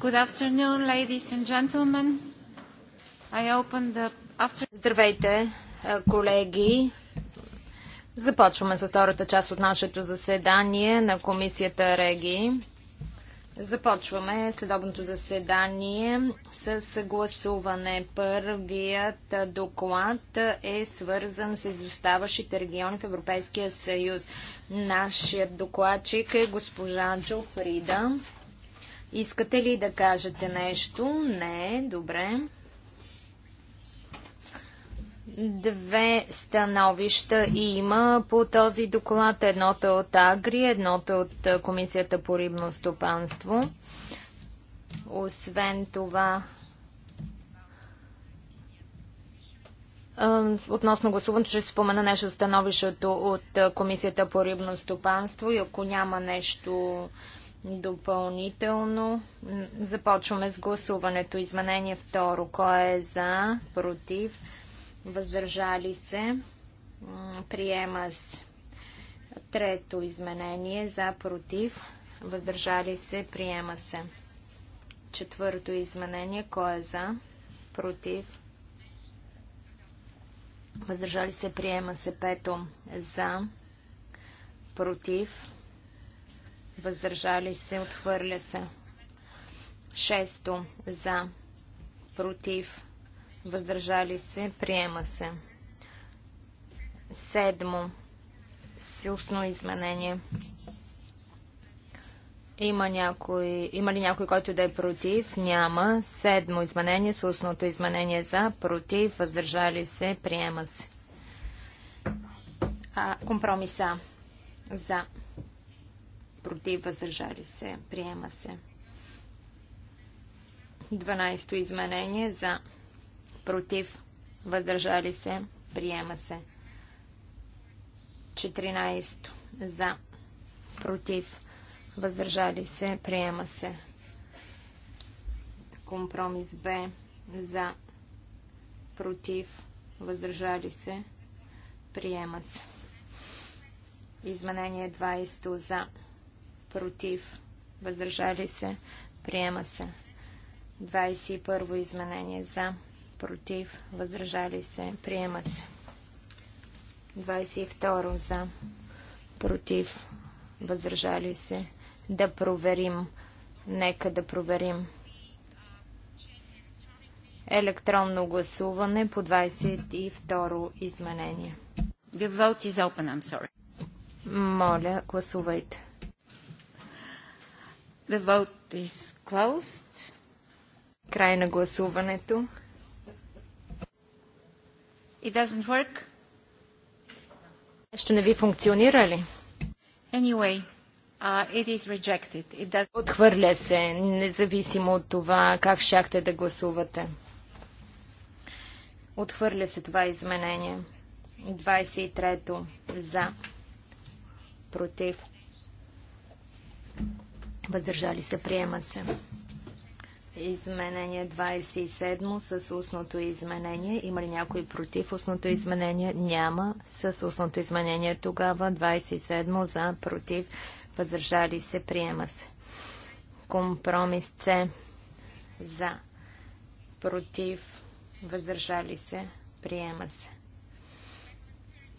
The... After... Здравейте, колеги! Започваме за втората част от нашето заседание на комисията Реги. Започваме следобното заседание с гласуване. Първият доклад е свързан с изоставащите региони в Европейския съюз. Нашият докладчик е госпожа Джо Фрида. Искате ли да кажете нещо? Не, добре. Две становища има по този доклад. Едното е от Агри, едното е от Комисията по рибно стопанство. Освен това, относно гласуването, ще спомена нещо становището от Комисията по рибно стопанство и ако няма нещо Допълнително започваме с гласуването. Изменение второ. Кой е за? Против? Въздържали се? Приема се. Трето изменение. За? Против? Въздържали се? Приема се. Четвърто изменение. Кой е за? Против? Въздържали се? Приема се. Пето. За? Против? въздържали се, отхвърля се. Шесто за, против, въздържали се, приема се. Седмо с изменение. Има, някой, има ли някой, който да е против? Няма. Седмо изменение с устното изменение за, против, въздържали се, приема се. А, компромиса за, против, въздържали се, приема се. 12-то изменение за против, въздържали се, приема се. 14 за против, въздържали се, приема се. Компромис Б за против, въздържали се, приема се. Изменение 20 за против, против, въздържали се, приема се. 21 изменение за, против, въздържали се, приема се. 22 за, против, въздържали се. Да проверим. Нека да проверим. Електронно гласуване по 22 изменение. The vote is open, I'm sorry. Моля, гласувайте. The vote is closed. Край на гласуването. It doesn't work. Нещо не ви функционира ли? Anyway, uh, it is rejected. It does... Отхвърля се, независимо от това как щяхте да гласувате. Отхвърля се това изменение. 23-то за. Против въздържали се, приема се. Изменение 27 с устното изменение. Има ли някой против устното изменение? Няма. С устното изменение тогава 27 за, против, въздържали се, приема се. Компромис С за, против, въздържали се, приема се.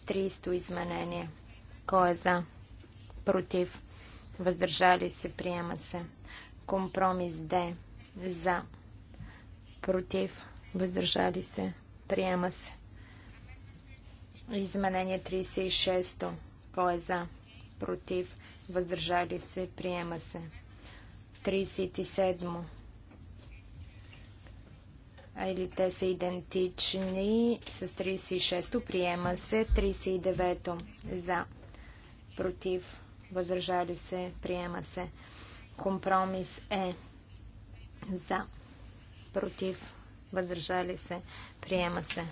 300 изменение. Кой е за? Против, въздържали се, приема се. Компромис Д за, против, въздържали се, приема се. Изменение 36. Кой е за? Против. Въздържали се. Приема се. 37. А или те са идентични с 36. Приема се. 39. то За. Против въздържали се, приема се. Компромис е за, против, въздържали се, приема се.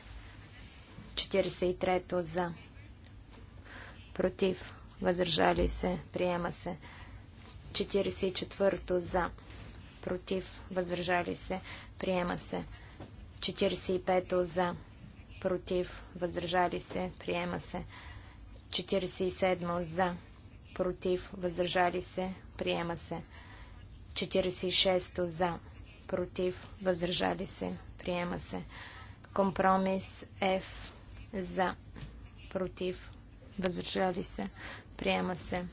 43-то за, против, въздържали се, приема се. 44-то за, против, въздържали се, приема се. 45-то за, против, въздържали се, приема се. 47 за, против, въздържали се, приема се. 46 за, против, въздържали се, приема се. Компромис F за, против, въздържали се, приема се.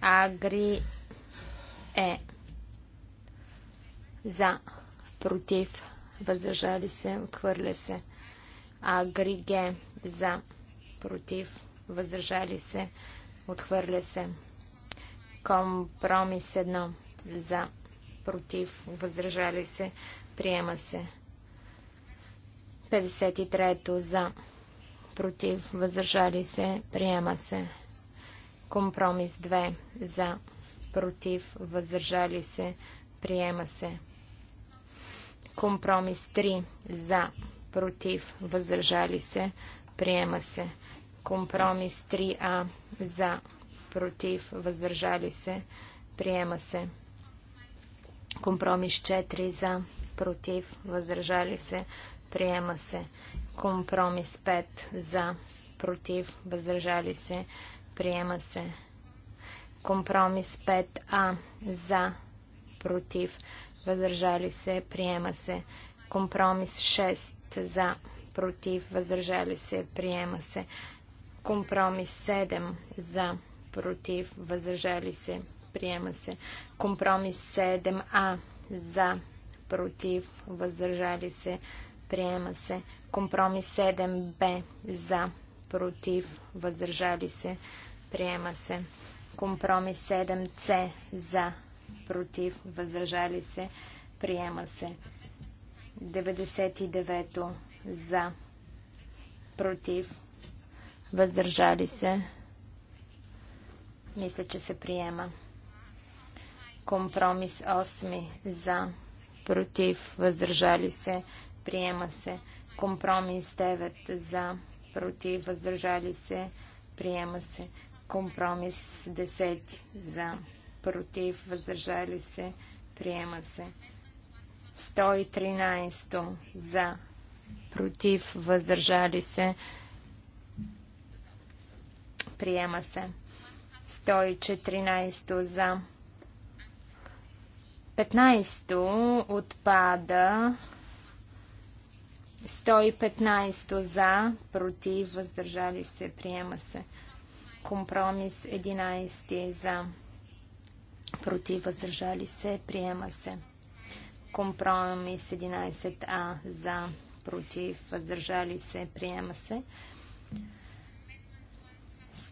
Агри Е за, против, въздържали се, отхвърля се. Агри Г за, против, въздържали се, Отхвърля се. Компромис 1. За. Против. Въздържали се. Приема се. 53-то. За. Против. Въздържали се. Приема се. Компромис 2. За. Против. Въздържали се. Приема се. Компромис 3. За. Против. Въздържали се. Приема се. Компромис 3А за, против, въздържали се, приема се. Компромис 4 за, против, въздържали се, приема се. Компромис 5 за, против, въздържали се, приема се. Компромис 5А за, против, въздържали се, приема се. Компромис 6 за, против, въздържали се, приема се. Компромис 7 за, против, въздържали се, приема се. Компромис 7а за, против, въздържали се, приема се. Компромис 7б за, против, въздържали се, приема се. Компромис 7 c за, против, въздържали се, приема се. 99 за, против, въздържали се. Мисля, че се приема. Компромис 8 за, против, въздържали се, приема се. Компромис 9 за, против, въздържали се, приема се. Компромис 10 за, против, въздържали се, приема се. 113 за, против, въздържали се, приема се Приема се. 114 за. 15 отпада. 115 за. Против. Въздържали се. Приема се. Компромис 11 за. Против. Въздържали се. Приема се. Компромис 11а за. Против. Въздържали се. Приема се.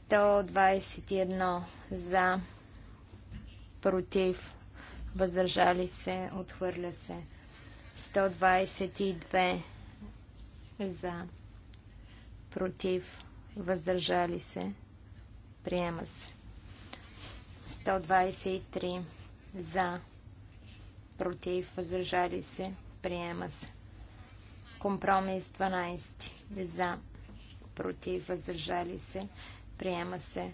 121 за, против, въздържали се, отхвърля се. 122 за, против, въздържали се, приема се. 123 за, против, въздържали се, приема се. Компромис 12 за, против, въздържали се, Приема се.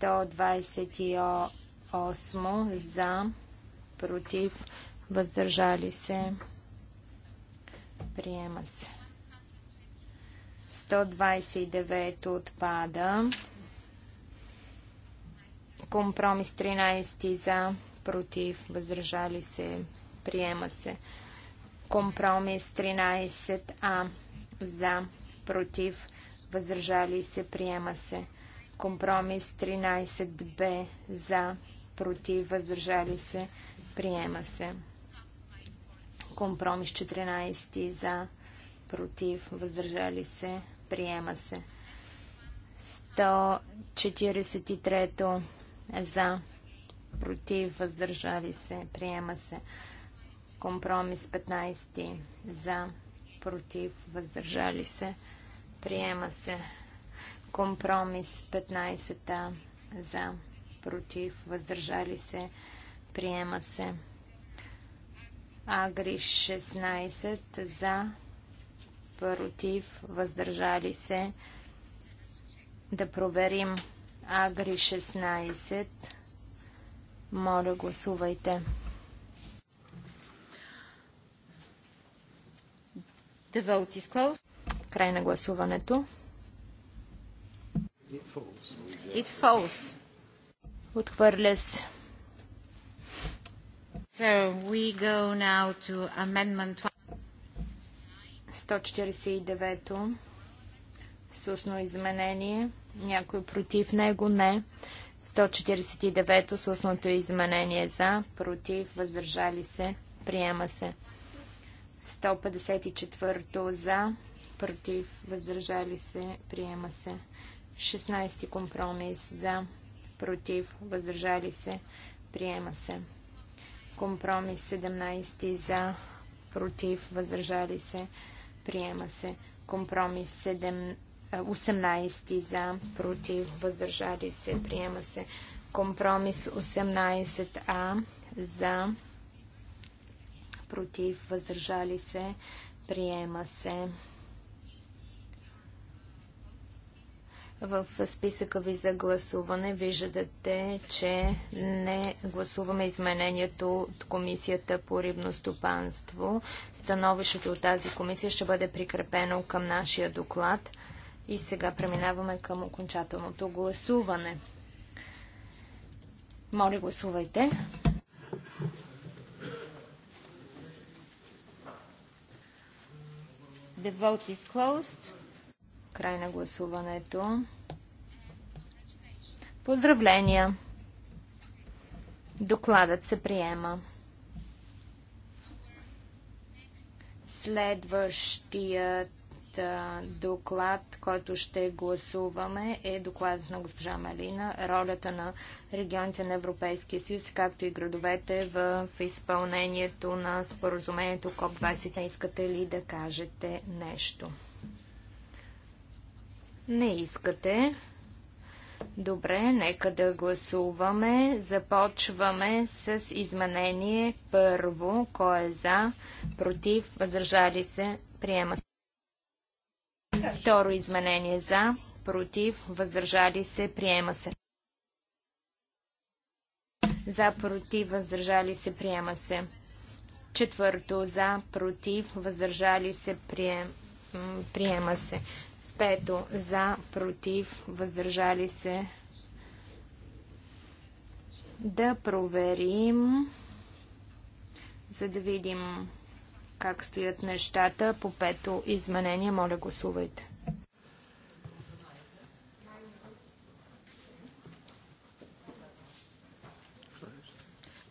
128 за, против, въздържали се. Приема се. 129 отпада. Компромис 13 за, против, въздържали се. Приема се. Компромис 13а за, против, въздържали се, приема се. Компромис 13Б за, против, въздържали се, приема се. Компромис 14 за, против, въздържали се, приема се. 143 за, против, въздържали се, приема се. Компромис 15 за, против, въздържали се, приема се Приема се. Компромис 15-та за против. Въздържали се. Приема се. Агри 16 за против. Въздържали се. Да проверим Агри 16. Моля, гласувайте. The vote is closed. Край на гласуването. It falls. Отхвърля се. So we go now to amendment 149 с устно изменение. Някой против него? Не. 149 с устното изменение за, против, въздържали се, приема се. 154 за, против, въздържали се, приема се. 16 компромис за, против, въздържали се, приема се. Компромис 17 за, против, въздържали се, приема се. Компромис 7, 18 за, против, въздържали се, приема се. Компромис 18а за, против, въздържали се, приема се. В списъка ви за гласуване виждате, че не гласуваме изменението от Комисията по рибно стопанство. Становището от тази комисия ще бъде прикрепено към нашия доклад. И сега преминаваме към окончателното гласуване. Моля, гласувайте. The vote is closed. Край на гласуването. Поздравления! Докладът се приема. Следващият доклад, който ще гласуваме, е докладът на госпожа Малина, ролята на регионите на Европейския съюз, както и градовете в, изпълнението на споразумението КОП-20. Искате ли да кажете нещо? Не искате. Добре, нека да гласуваме. Започваме с изменение първо. Кой е за, против, въздържали се, приема се. Второ изменение за, против, въздържали се, приема се. За, против, въздържали се, приема се. Четвърто за, против, въздържали се, приема се. Пето за, против, въздържали се. Да проверим, за да видим как стоят нещата по пето изменение. Моля, гласувайте.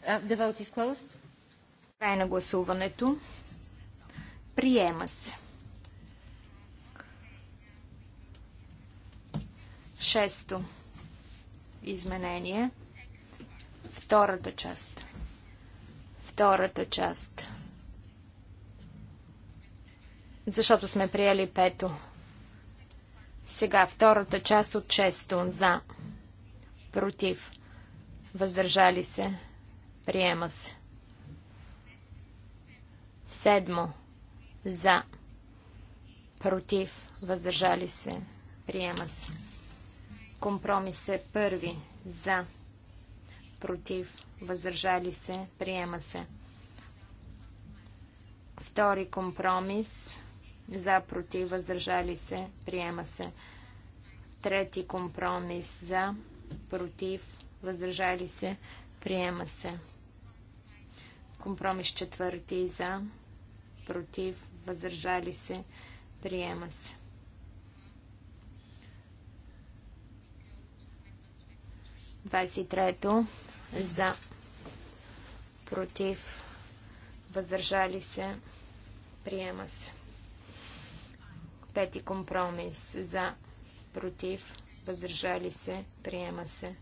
Uh, Край на гласуването. Приема се. Шесто изменение. Втората част. Втората част. Защото сме приели пето. Сега втората част от шесто. За. Против. Въздържали се. Приема се. Седмо. За. Против. Въздържали се. Приема се. Компромис е първи за, против, въздържали се, приема се. Втори компромис за, против, въздържали се, приема се. Трети компромис за, против, въздържали се, приема се. Компромис четвърти за, против, въздържали се, приема се. 23-то за против въздържали се приема се. Пети компромис за против въздържали се приема се.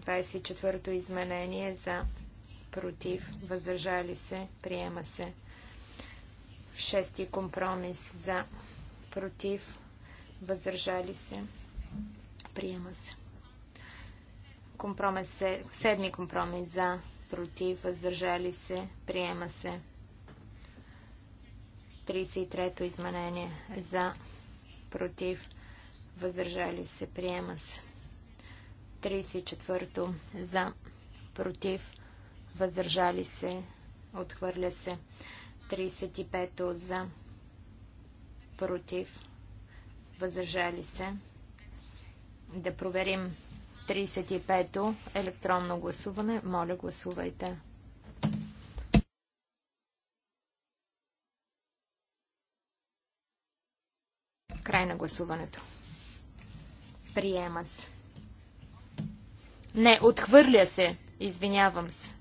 24-то изменение за против въздържали се приема се. Шести компромис за против въздържали се приема се. Компромис е, седми компромис за, против, въздържали се, приема се. 33-то изменение за, против, въздържали се, приема се. 34-то за, против, въздържали се, отхвърля се. 35-то за, против, въздържали се. Да проверим 35-то електронно гласуване. Моля, гласувайте. Край на гласуването. Приема се. Не, отхвърля се. Извинявам се.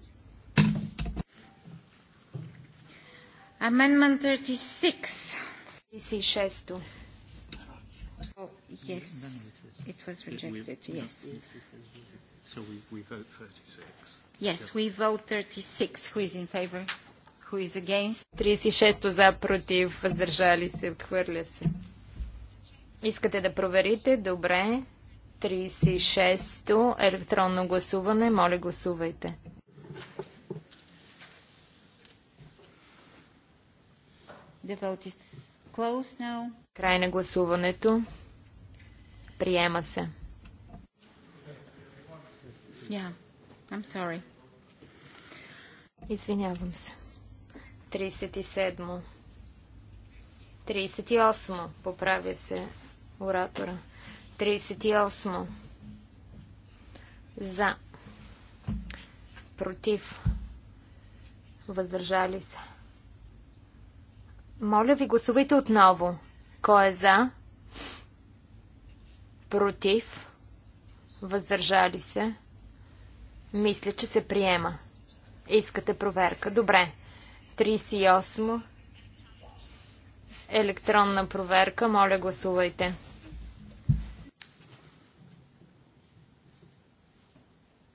Amendment 36. 36. Oh, yes it was rejected, yes. So we, vote 36. Yes, we vote 36. Who is in favor? Who is against? 36 за, против, въздържали се, отхвърля се. Искате да проверите? Добре. 36-то електронно гласуване. Моля, гласувайте. The vote is closed now. Край на гласуването. Приема се. Yeah, I'm sorry. Извинявам се. 37. 38. Поправя се оратора. 38. За. Против. Въздържали се. Моля ви, гласувайте отново. Кой е за? против, въздържали се, мисля, че се приема. Искате проверка. Добре. 38. Електронна проверка. Моля, гласувайте.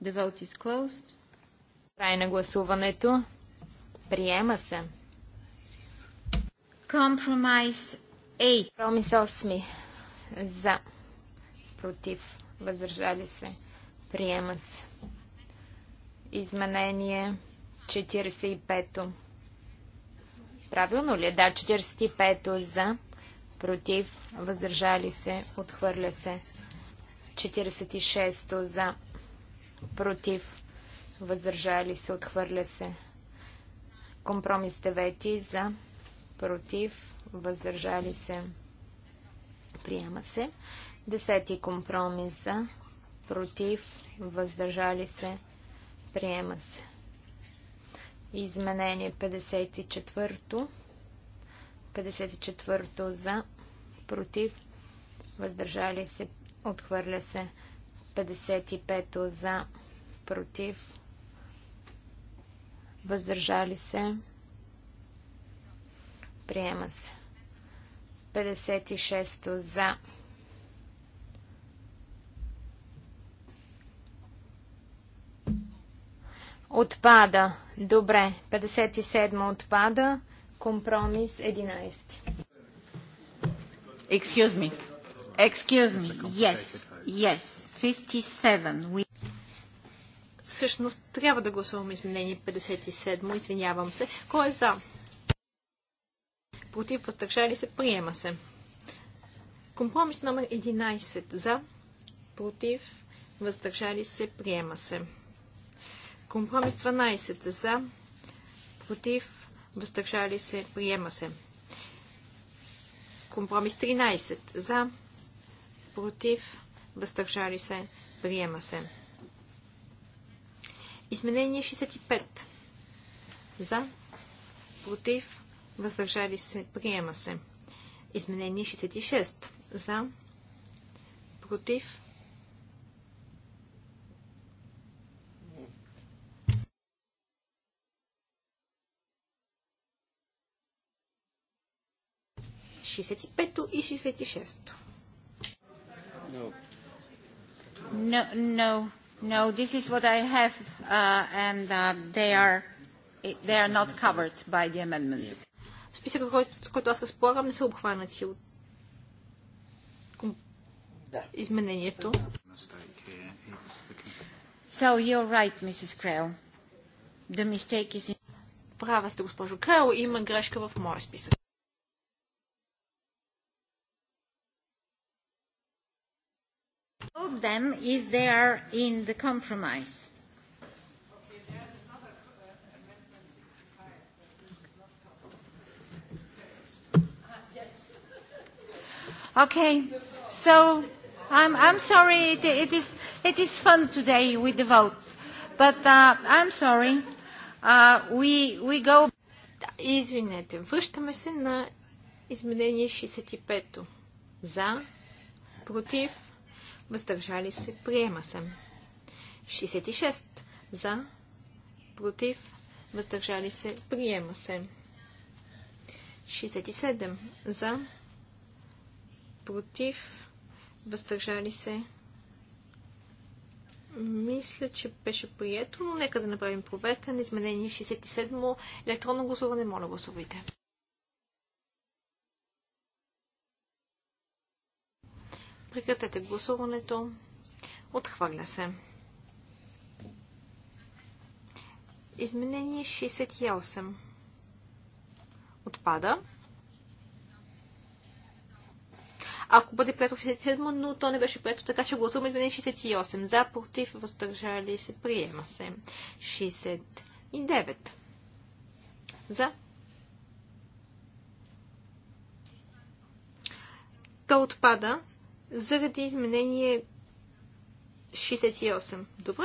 The vote is closed. Край на гласуването. Приема се. Компромис 8. Промис 8. За против, въздържали се, приема се. Изменение 45-то. Правилно ли е? Да, 45-то за, против, въздържали се, отхвърля се. 46-то за, против, въздържали се, отхвърля се. Компромис 9 за, против, въздържали се, приема се. Десети компромиса. Против. Въздържали се. Приема се. Изменение 54-то. 54-то за. Против. Въздържали се. Отхвърля се. 55-то за. Против. Въздържали се. Приема се. 56-то за. Против Отпада. Добре. 57 отпада. Компромис 11. Excuse me. Excuse me. Yes. Yes. 57. We... Всъщност трябва да гласуваме изменение 57. Извинявам се. Кой е за? Против въздържали се. Приема се. Компромис номер 11. За. Против въздържали се. Приема се. Компромис 12 за, против, въздържали се, приема се. Компромис 13 за, против, въздържали се, приема се. Изменение 65 за, против, въздържали се, приема се. Изменение 66 за, против, 65 и 66. No. No, no, no, this is what I have, uh, and uh, they are they are not covered by the amendments. Списъкът, с който аз разполагам, не са обхванати от изменението. So you're right, Mrs. Krell. The mistake is in... Права сте, госпожо Крал, има грешка в моя списък. Vote them if they are in the compromise. Okay, so I'm, I'm sorry, it, it, is, it is fun today with the votes, but uh, I'm sorry. Uh, we, we go... Извинете, връщаме се на изменение 65-то. За, против, въздържали се, приема се. 66 за, против, въздържали се, приема се. 67 за, против, въздържали се. Мисля, че беше прието, но нека да направим проверка на изменение 67. Електронно гласуване, моля гласувайте. Прекратете гласуването. Отхвърля се. Изменение 68. Отпада. Ако бъде прието 67, но то не беше прието, така че гласуваме изменение 68. За, против, въздържали се, приема се. 69. За. То отпада, заради изменение 68. Добре?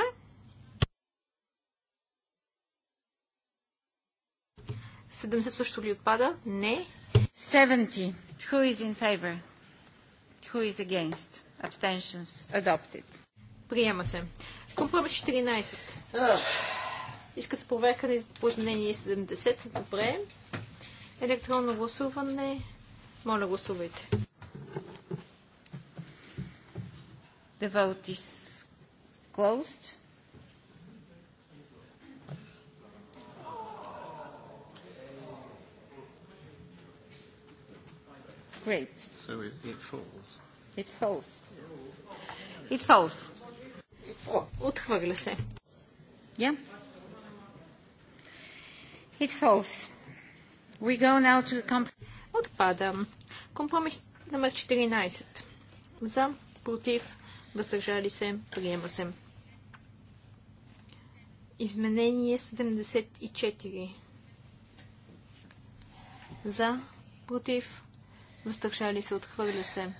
Седемдесет също ли отпада? Не. 70. Who is in favor? Who is against? Abstentions. Adopted. Приема се. Компромис 14. Искат проверка на изпълнение 70. Добре. Електронно гласуване. Моля, гласувайте. The vote is closed. Great. So it, it falls. It falls. It falls. Отхвърля се. Yeah. It falls. We go now to comp... Отпада. Компромис номер 14. За, против, въздържали се, приема се. Изменение 74. За, против, въздържали се, отхвърля се.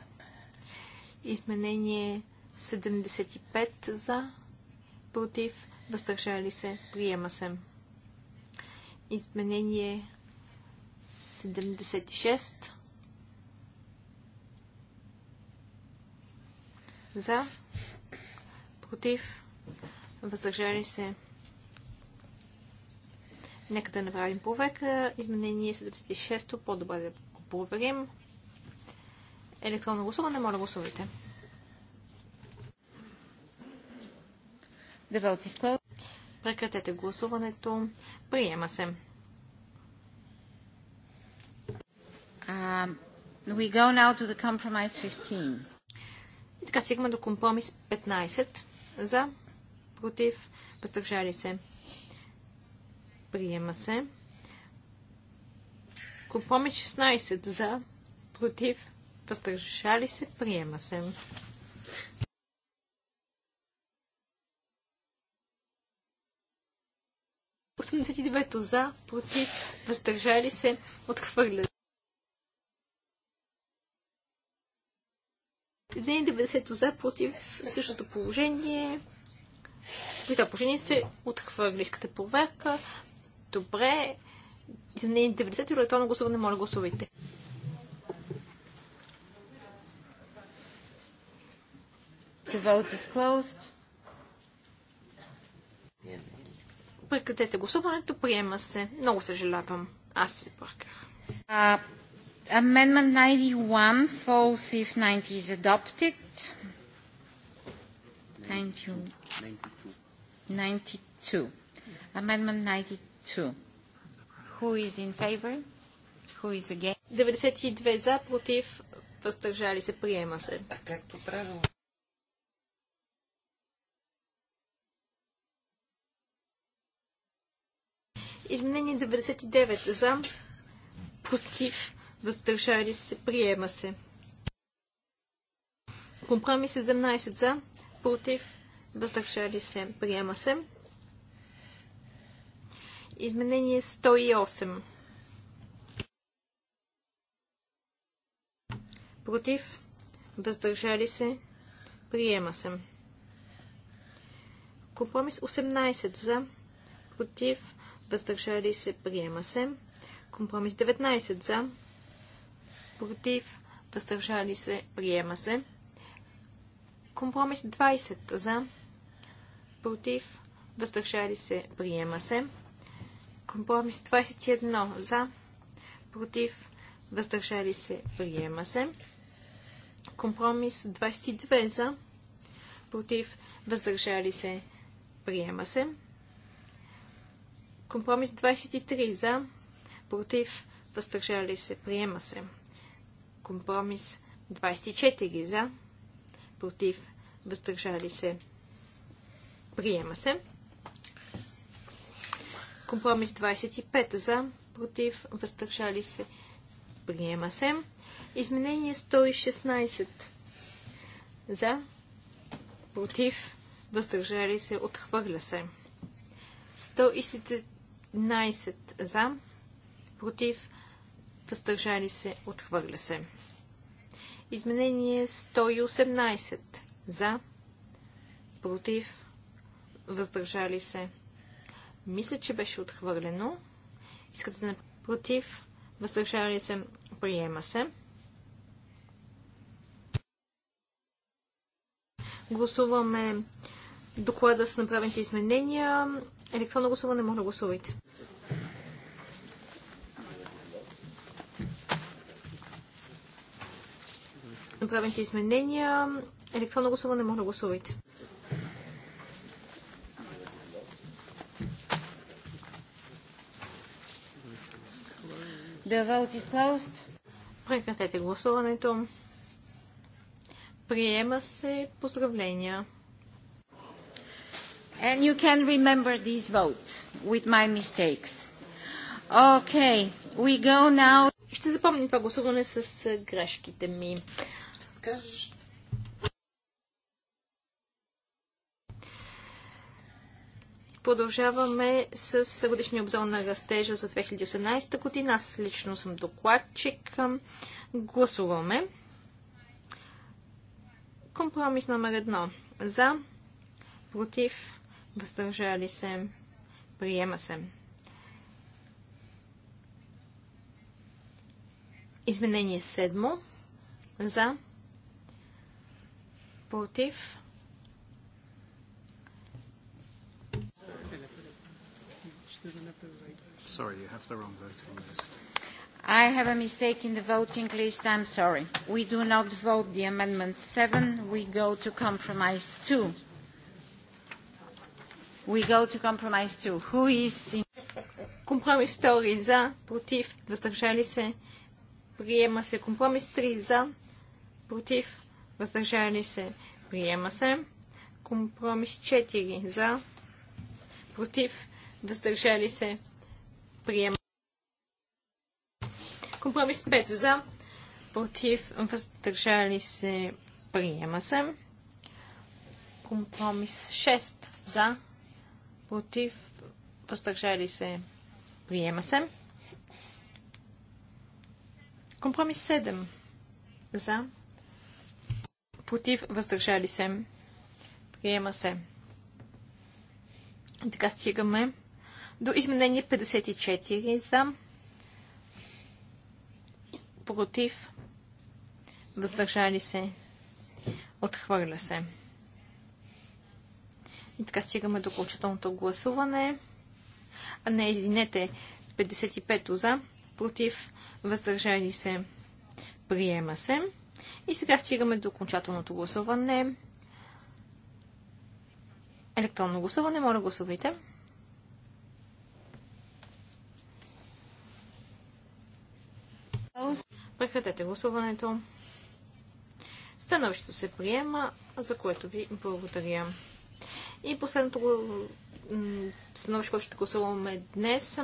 Изменение 75 за, против, въздържали се, приема се. Изменение 76 За. Против. Въздържали се. Нека да направим проверка. Изменение 76-то. По-добре да го проверим. Електронно гласуване. Моля гласувайте. Прекратете гласуването. Приема се. Um, we go now to the compromise 15. И така стигаме до компромис 15 за, против, въздържали се. Приема се. Компромис 16 за, против, въздържали се. Приема се. Осемдесет за, против, въздържали се, отхвърля. Взени 90 за против същото положение. При това положение се отхвърли искате проверка. Добре. Изменени 90 електронно гласуване, моля гласувайте. The vote is closed. Прекратете гласуването, приема се. Много съжалявам. Аз се бърках. Amendment 91 falls if 90 is adopted. 92. 92. Amendment 92. Who is in favor? Who is against? 92 за, против, въздържали се, приема се. А както правило. Изменение 99 за, против, въздържали се, приема се. Компромис 17 за, против, въздържали се, приема се. Изменение 108. Против, въздържали се, приема се. Компромис 18 за, против, въздържали се, приема се. Компромис 19 за, против, въздържали се, приема се. Компромис 20 за, против, въздържали се, приема се. Компромис 21 за, против, въздържали се, приема се. Компромис 22 за, против, въздържали се, приема се. Компромис 23 за, против, въздържали се, приема се. Компромис 24 за, против, въздържали се, приема се. Компромис 25 за, против, въздържали се, приема се. Изменение 116 за, против, въздържали се, отхвърля се. 117 за, против, въздържали се, отхвърля се. Изменение 118 за, против, въздържали се. Мисля, че беше отхвърлено. Искате на против, въздържали се, приема се. Гласуваме доклада с направените изменения. Електронно гласуване, може да гласувайте. направените изменения. Електронно гласуване, моля гласувайте. The vote is closed. Прекратете гласуването. Приема се поздравления. And you can remember this vote with my mistakes. Okay, we go now. Ще запомним това гласуване с грешките ми кажеш? Продължаваме с годишния обзор на растежа за 2018 година. Аз лично съм докладчик. Гласуваме. Компромис номер едно. За, против, въздържали се, приема се. Изменение седмо. За, Против. Sorry, you have the wrong voting list. I have a mistake in the voting list. I'm sorry. We do not vote the amendment 7. We go to compromise 2. We go to compromise 2. Who is in Компромис 2 за, против, въздържали се, приема се. Компромис 3 за, против, въздържали се, приема се. Компромис 4 за, против, въздържали се, приема се. Компромис 5 за, против, въздържали се, приема се. Компромис 6 за, против, въздържали се, приема се. Компромис 7 за, против, въздържали се, приема се. И така стигаме до изменение 54 за, против, въздържали се, отхвърля се. И така стигаме до окончателното гласуване. А не, извинете, 55 за, против, въздържали се, приема се. И сега стигаме до окончателното гласуване. Електронно гласуване, моля гласувайте. Прекратете гласуването. Становището се приема, за което ви благодаря. И последното становище, което ще гласуваме днес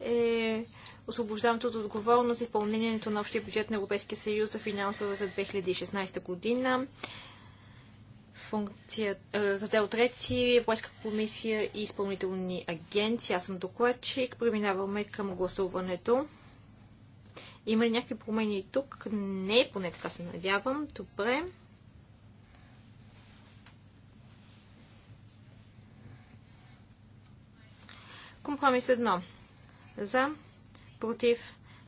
е освобождаването от отговорност за изпълнението на общия бюджет на Европейския съюз за финансовата 2016 година. Функция, е, раздел 3, Европейска комисия и изпълнителни агенции. Аз съм докладчик. Преминаваме към гласуването. Има ли някакви промени тук? Не, поне така се надявам. Добре. Компромис 1. За против,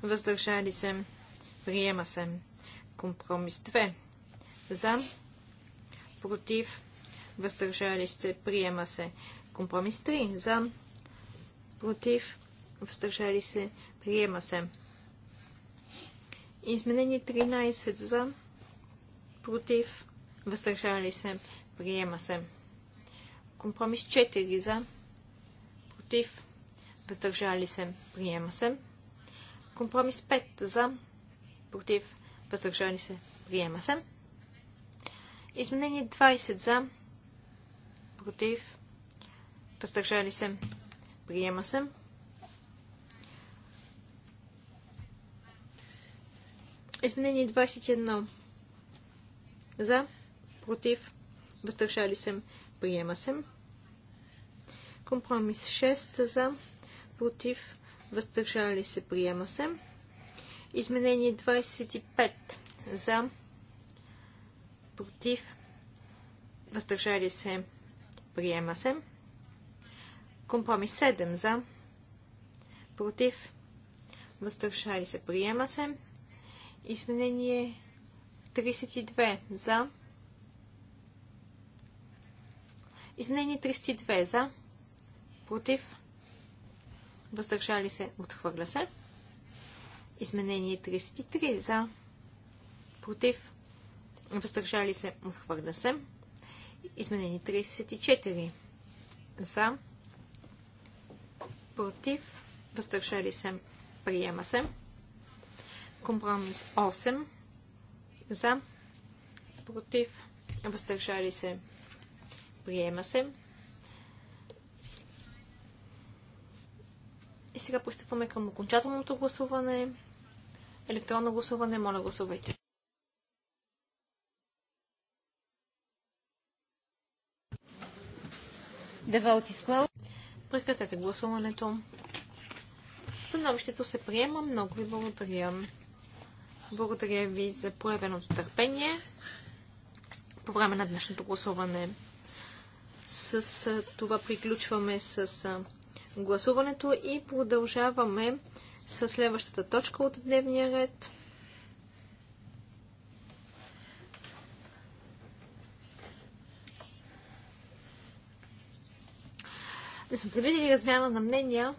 въздържали се, приема се. Компромис 2 за, против, въздържали се, приема се. Компромис 3 за, против, въздържали се, приема се. Изменение 13 за, против, въздържали се, приема се. Компромис 4 за, против, въздържали се, приема се. Компромис 5 за, против, въздържали се, приема се. Изменение 20 за, против, въздържали се, приема се. Изменение 21 за, против, въздържали се, приема се. Компромис 6 за, против, въздържали се, приема се. Изменение 25 за, против, въздържали се, приема се. Компромис 7 за, против, въздържали се, приема се. Изменение 32 за, изменение 32 за, против, въздържали се, отхвърля се. Изменение 33 за, против, въздържали се, отхвърля се. Изменение 34 за, против, въздържали се, приема се. Компромис 8 за, против, въздържали се, приема се. сега пристъпваме към окончателното гласуване. Електронно гласуване, моля гласувайте. Прекратете гласуването. Становището се приема. Много ви благодаря. Благодаря ви за проявеното търпение по време на днешното гласуване. С това приключваме с гласуването и продължаваме с следващата точка от дневния ред. Не сме предвидели размяна на мнения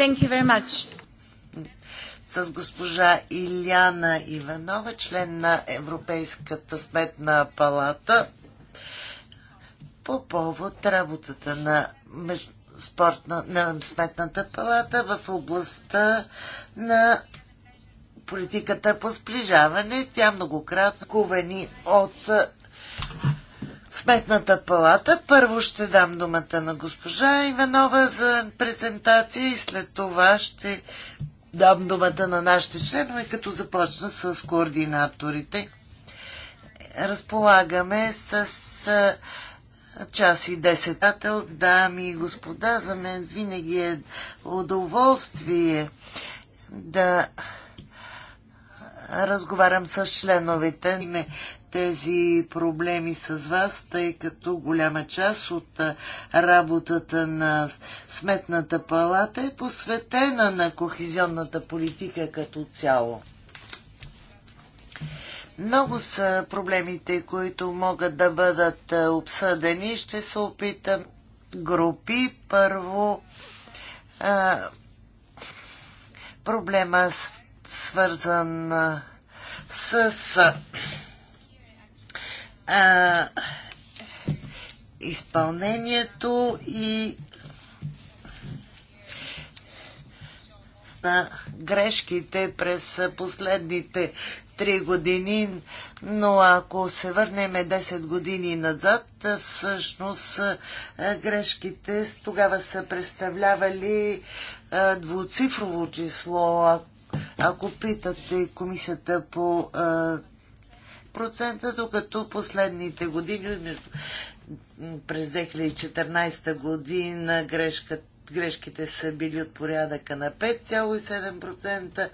Thank you very much. С госпожа Иляна Иванова, член на Европейската сметна палата, по повод работата на спортна, на сметната палата в областта на политиката по сближаване. Тя многократно кувани от Сметната палата. Първо ще дам думата на госпожа Иванова за презентация и след това ще дам думата на нашите членове, като започна с координаторите. Разполагаме с час и десетател, дами и господа, за мен винаги е удоволствие да разговарям с членовете на тези проблеми с вас, тъй като голяма част от работата на Сметната палата е посветена на кохезионната политика като цяло. Много са проблемите, които могат да бъдат обсъдени. Ще се опитам групи. Първо, а, проблема с свързан с а, изпълнението и на грешките през последните три години, но ако се върнем 10 години назад, всъщност грешките тогава са представлявали двуцифрово число. Ако питате комисията по а, процента, докато последните години, между, през 2014 година грешката грешките са били от порядъка на 5,7%,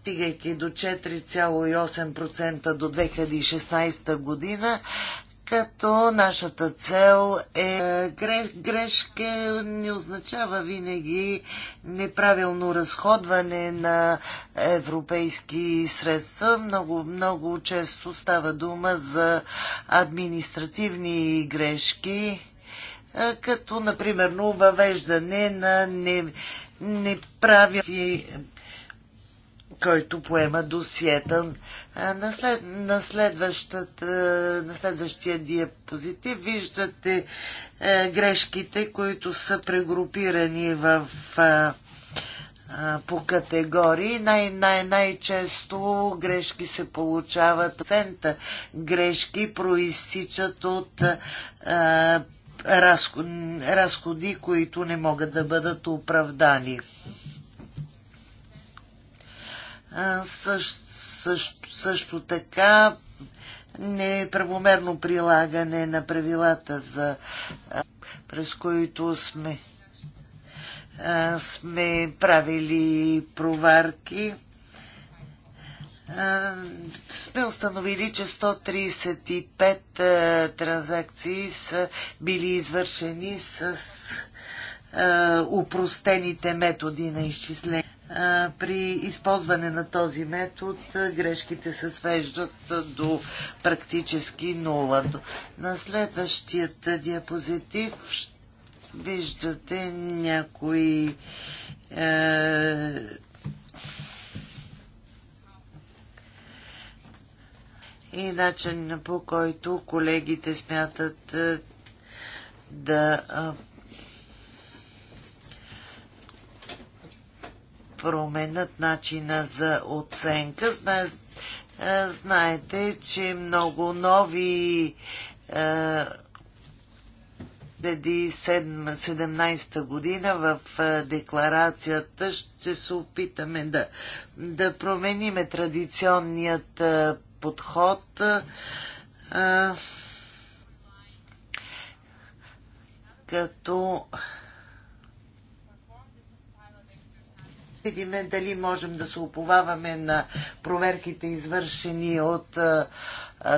стигайки до 4,8% до 2016 година като нашата цел е грешка, не означава винаги неправилно разходване на европейски средства. Много, много често става дума за административни грешки, е, като, например, въвеждане на не, неправилни който поема досиета. На, след, на, на следващия диапозитив виждате е, грешките, които са прегрупирани в, е, е, по категории. Най, най, най-често грешки се получават. Цента грешки проистичат от разходи, които не могат да бъдат оправдани също, също, също така неправомерно прилагане на правилата за през които сме сме правили проварки. Сме установили, че 135 транзакции са били извършени с упростените методи на изчисление при използване на този метод грешките се свеждат до практически нула. На следващият диапозитив виждате някои е, и начин по който колегите смятат е, да променят начина за оценка. Е, знаете, че много нови е, преди 17 та година в е, декларацията ще се опитаме да, да промениме традиционният подход. като видим дали можем да се уповаваме на проверките, извършени от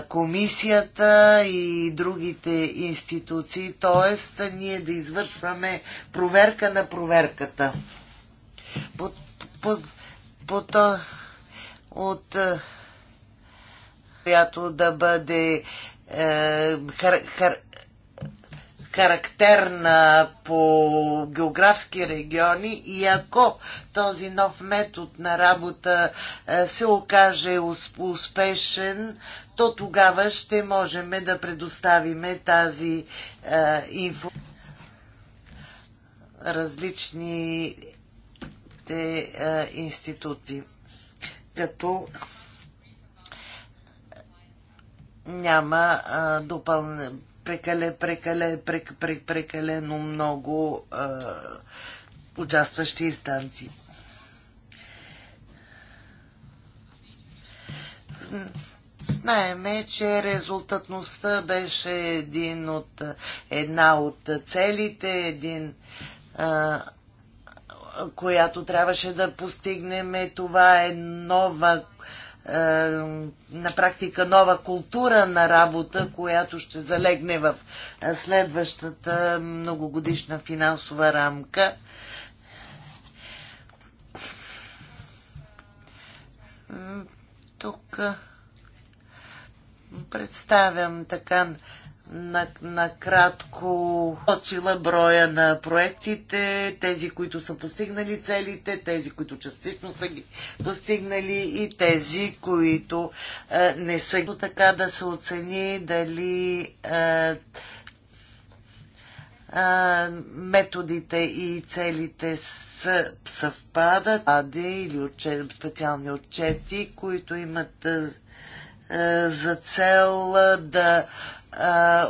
комисията и другите институции, т.е. ние да извършваме проверка на проверката. По, по, по то, от която да бъде е, хар, хар, характерна по географски региони и ако този нов метод на работа е, се окаже успешен, то тогава ще можем да предоставиме тази е, инфо различните е, институции. Като няма допълнение прекале, прекале, прек, прек, прекалено много а, участващи инстанции. Знаеме, че резултатността беше един от, една от целите, един, а, която трябваше да постигнем. Това е нова е, на практика нова култура на работа, която ще залегне в е, следващата многогодишна финансова рамка. Тук представям така накратко точила броя на проектите, тези, които са постигнали целите, тези, които частично са ги постигнали и тези, които е, не са. така да се оцени дали е, е, методите и целите са, съвпадат, ади или отчет, специални отчети, които имат е, е за цел е, да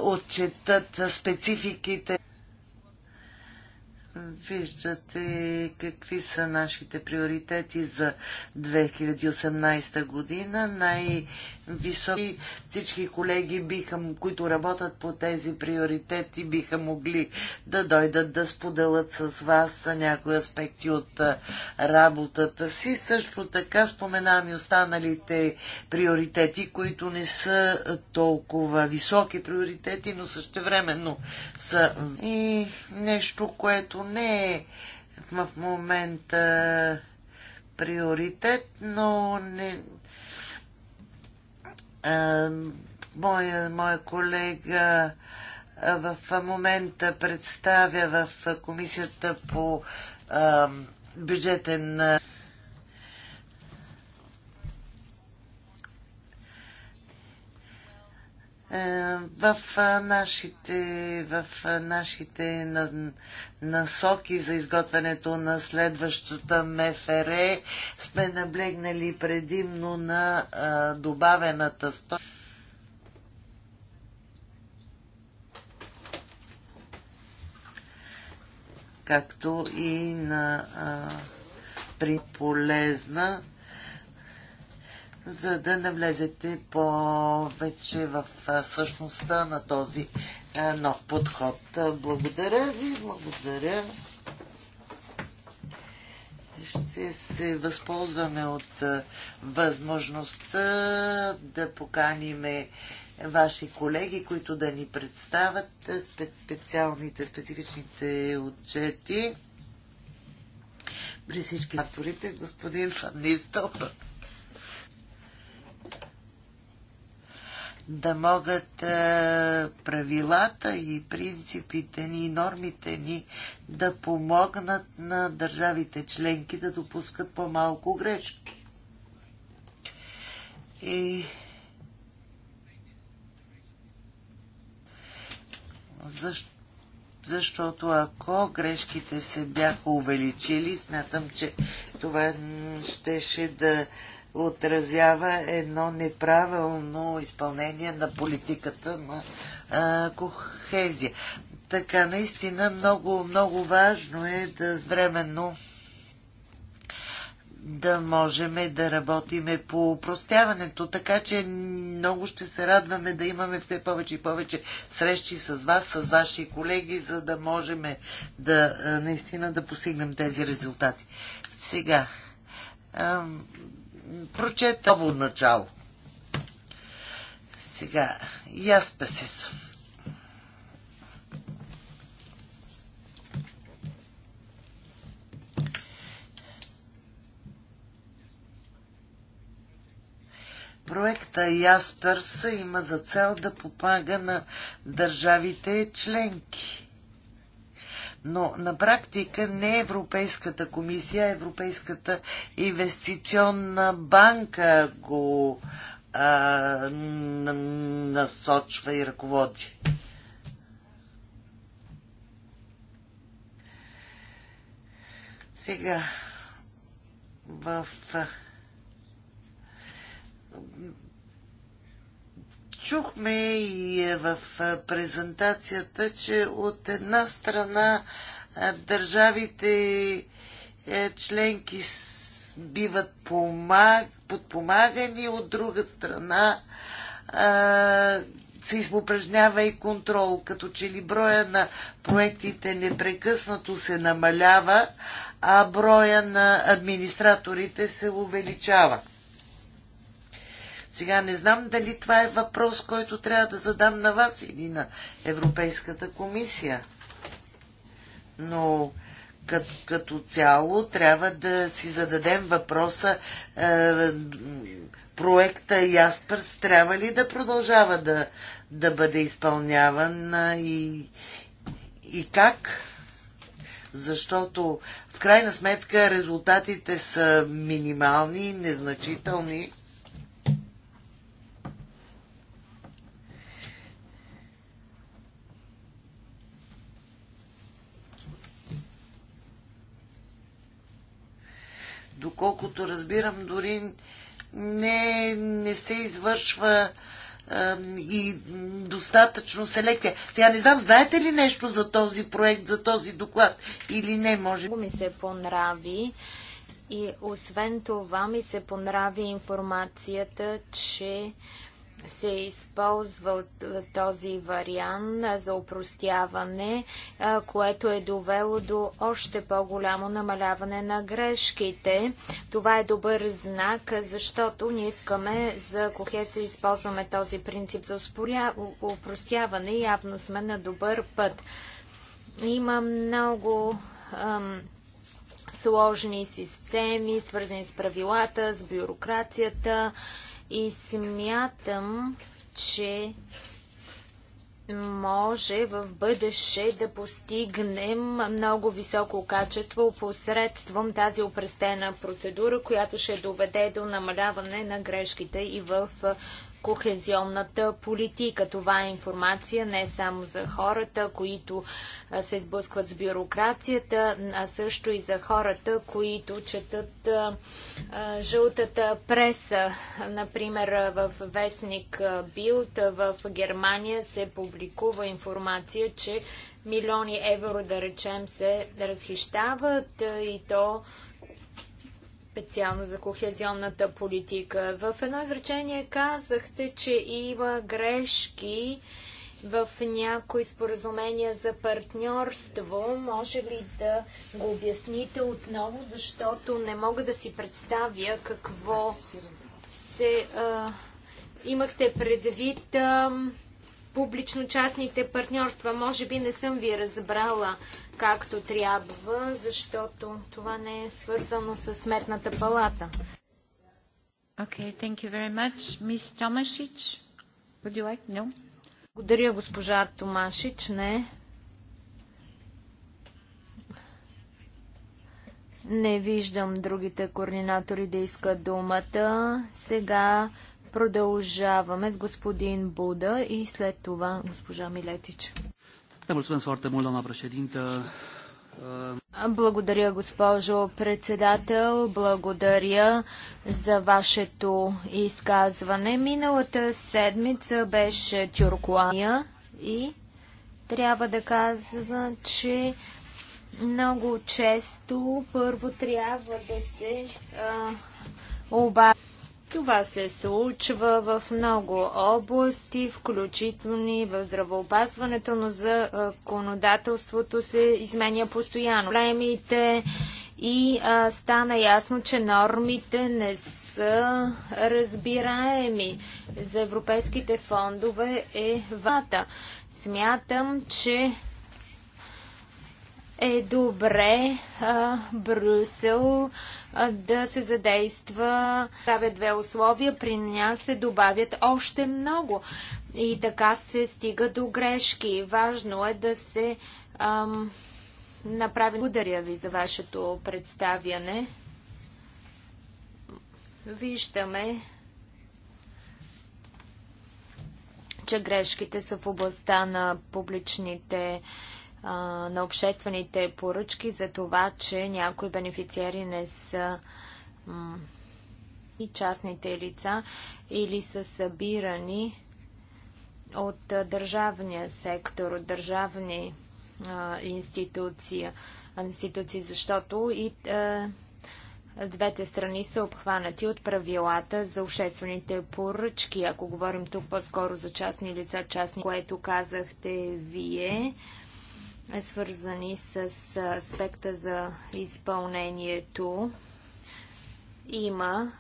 отчетат спецификите. Виждате какви са нашите приоритети за 2018 година. Най- високи. Всички колеги, биха, които работят по тези приоритети, биха могли да дойдат да споделят с вас някои аспекти от работата си. Също така споменавам и останалите приоритети, които не са толкова високи приоритети, но същевременно са и нещо, което не е в момента приоритет, но не, моя, моя колега в момента представя в комисията по бюджетен Е, в нашите, в нашите насоки за изготвянето на следващата МФР сме наблегнали предимно на добавената сто. както и на а, при полезна за да навлезете повече в същността на този нов подход. Благодаря ви, благодаря. Ще се възползваме от възможността да поканиме ваши колеги, които да ни представят специалните, специфичните отчети при всички авторите, господин Фанистов, да могат е, правилата и принципите ни, и нормите ни да помогнат на държавите членки да допускат по-малко грешки. И защо? защото ако грешките се бяха увеличили, смятам, че това щеше да отразява едно неправилно изпълнение на политиката на а, кохезия. Така, наистина много, много важно е да временно да можем да работиме по упростяването, така че много ще се радваме да имаме все повече и повече срещи с вас, с ваши колеги, за да можем да наистина да постигнем тези резултати. Сега, прочете ново начало. Сега, аз си съм. Проекта Ясперса има за цел да помага на държавите членки но на практика не Европейската комисия, а Европейската инвестиционна банка го а, насочва и ръководи. Сега в Чухме и е, в е, презентацията, че от една страна е, държавите членки биват подпомагани, от друга страна се изупражнява и контрол, като че ли броя на проектите непрекъснато се намалява, а броя на администраторите се увеличава. Сега не знам дали това е въпрос, който трябва да задам на вас или на Европейската комисия. Но като, като цяло трябва да си зададем въпроса е, проекта Яспърс трябва ли да продължава да, да бъде изпълняван и, и как? Защото в крайна сметка резултатите са минимални, незначителни разбирам, дори не, не се извършва а, и достатъчно селекция. Сега не знам, знаете ли нещо за този проект, за този доклад или не, може? Ми се понрави и освен това ми се понрави информацията, че се използва е, този вариант за упростяване, което е довело до още по-голямо намаляване на грешките. Това е добър знак, защото ние искаме за се използваме този принцип за упростяване и явно сме на добър път. Има много ам, сложни системи, свързани с правилата, с бюрокрацията. И смятам, че може в бъдеще да постигнем много високо качество посредством тази опрестена процедура, която ще доведе до намаляване на грешките и в кохезионната политика. Това е информация не само за хората, които се сблъскват с бюрокрацията, а също и за хората, които четат жълтата преса. Например, в вестник Билд в Германия се публикува информация, че милиони евро, да речем, се разхищават и то специално за кохезионната политика. В едно изречение казахте, че има грешки в някои споразумения за партньорство. Може ли да го обясните отново, защото не мога да си представя какво се... А, имахте предвид а, публично-частните партньорства. Може би не съм ви разбрала както трябва, защото това не е свързано с сметната палата. Okay, thank you very much. Miss Tomasic, would you like? No? Благодаря, госпожа Томашич. Не. Не виждам другите координатори да искат думата. Сега продължаваме с господин Буда и след това госпожа Милетич. Да, foarte mult, doamna președintă. Благодаря, госпожо председател. Благодаря за вашето изказване. Миналата седмица беше Тюркуания и трябва да казва, че много често първо трябва да се а, оба това се случва в много области, включително и в здравеопазването, но за законодателството се изменя постоянно. Проблемите и а, стана ясно, че нормите не са разбираеми. За европейските фондове е вата. Смятам, че е добре а, Брюсел а, да се задейства. Правят две условия, при нас се добавят още много. И така се стига до грешки. Важно е да се ам, направи. Благодаря ви за вашето представяне. Виждаме, че грешките са в областта на публичните на обществените поръчки за това, че някои бенефициери не са и частните лица или са събирани от държавния сектор, от държавни институции, институции, защото и двете страни са обхванати от правилата за обществените поръчки. Ако говорим тук по-скоро за частни лица, частни, което казахте вие, е свързани с аспекта за изпълнението. Има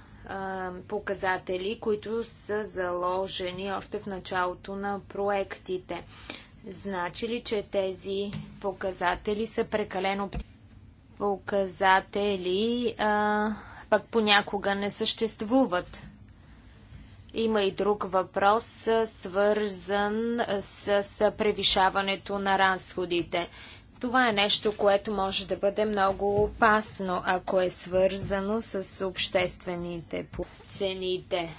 показатели, които са заложени още в началото на проектите. Значи ли, че тези показатели са прекалено показатели, а, пък понякога не съществуват? Има и друг въпрос, свързан с превишаването на разходите. Това е нещо, което може да бъде много опасно, ако е свързано с обществените цените.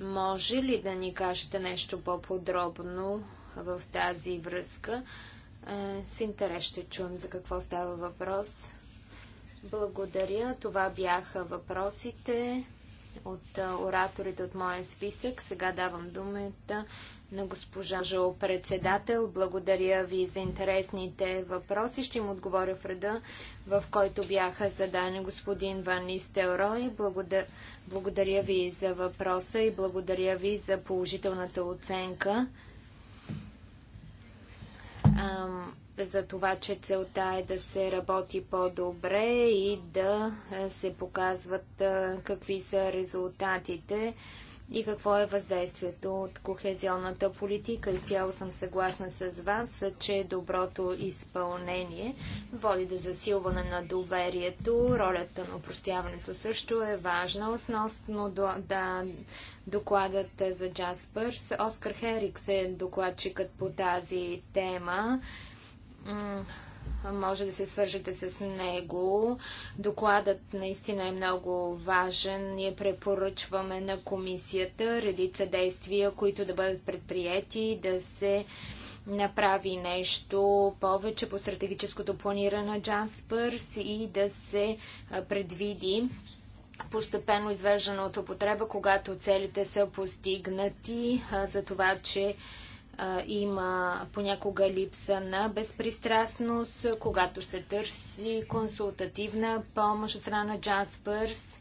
Може ли да ни кажете нещо по-подробно в тази връзка? Е, с интерес ще чуем за какво става въпрос. Благодаря. Това бяха въпросите от ораторите от моя списък. Сега давам думата на госпожа Жо председател. Благодаря ви за интересните въпроси. Ще им отговоря в реда, в който бяха задани господин Ван Истелрой. Благодаря, благодаря ви за въпроса и благодаря ви за положителната оценка. Ам за това, че целта е да се работи по-добре и да се показват какви са резултатите и какво е въздействието от кохезионната политика. Изцяло съм съгласна с вас, че доброто изпълнение води до засилване на доверието. Ролята на упростяването също е важна. Основно до, да, докладът за Джаспърс. Оскар Херикс е докладчикът по тази тема може да се свържете с него. Докладът наистина е много важен. Ние препоръчваме на комисията редица действия, които да бъдат предприяти, да се направи нещо повече по стратегическото планиране на Джанспърс и да се предвиди постепенно извеждане от употреба, когато целите са постигнати за това, че има понякога липса на безпристрастност, когато се търси консултативна помощ от страна на Джаспърс.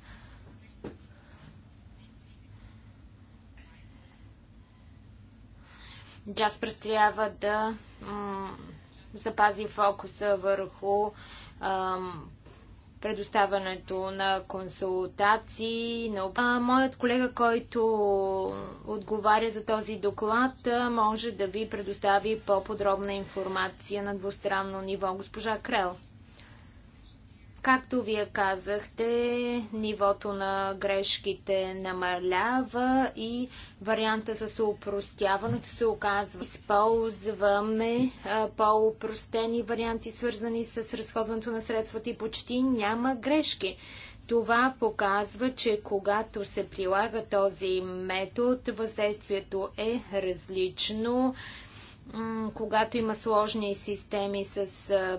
Джаспърс трябва да запази фокуса върху предоставянето на консултации. На... А, моят колега, който отговаря за този доклад, може да ви предостави по-подробна информация на двустранно ниво. Госпожа Крел. Както вие казахте, нивото на грешките намалява и варианта с упростяването се оказва. Използваме по-упростени варианти, свързани с разходването на средствата и почти няма грешки. Това показва, че когато се прилага този метод, въздействието е различно когато има сложни системи с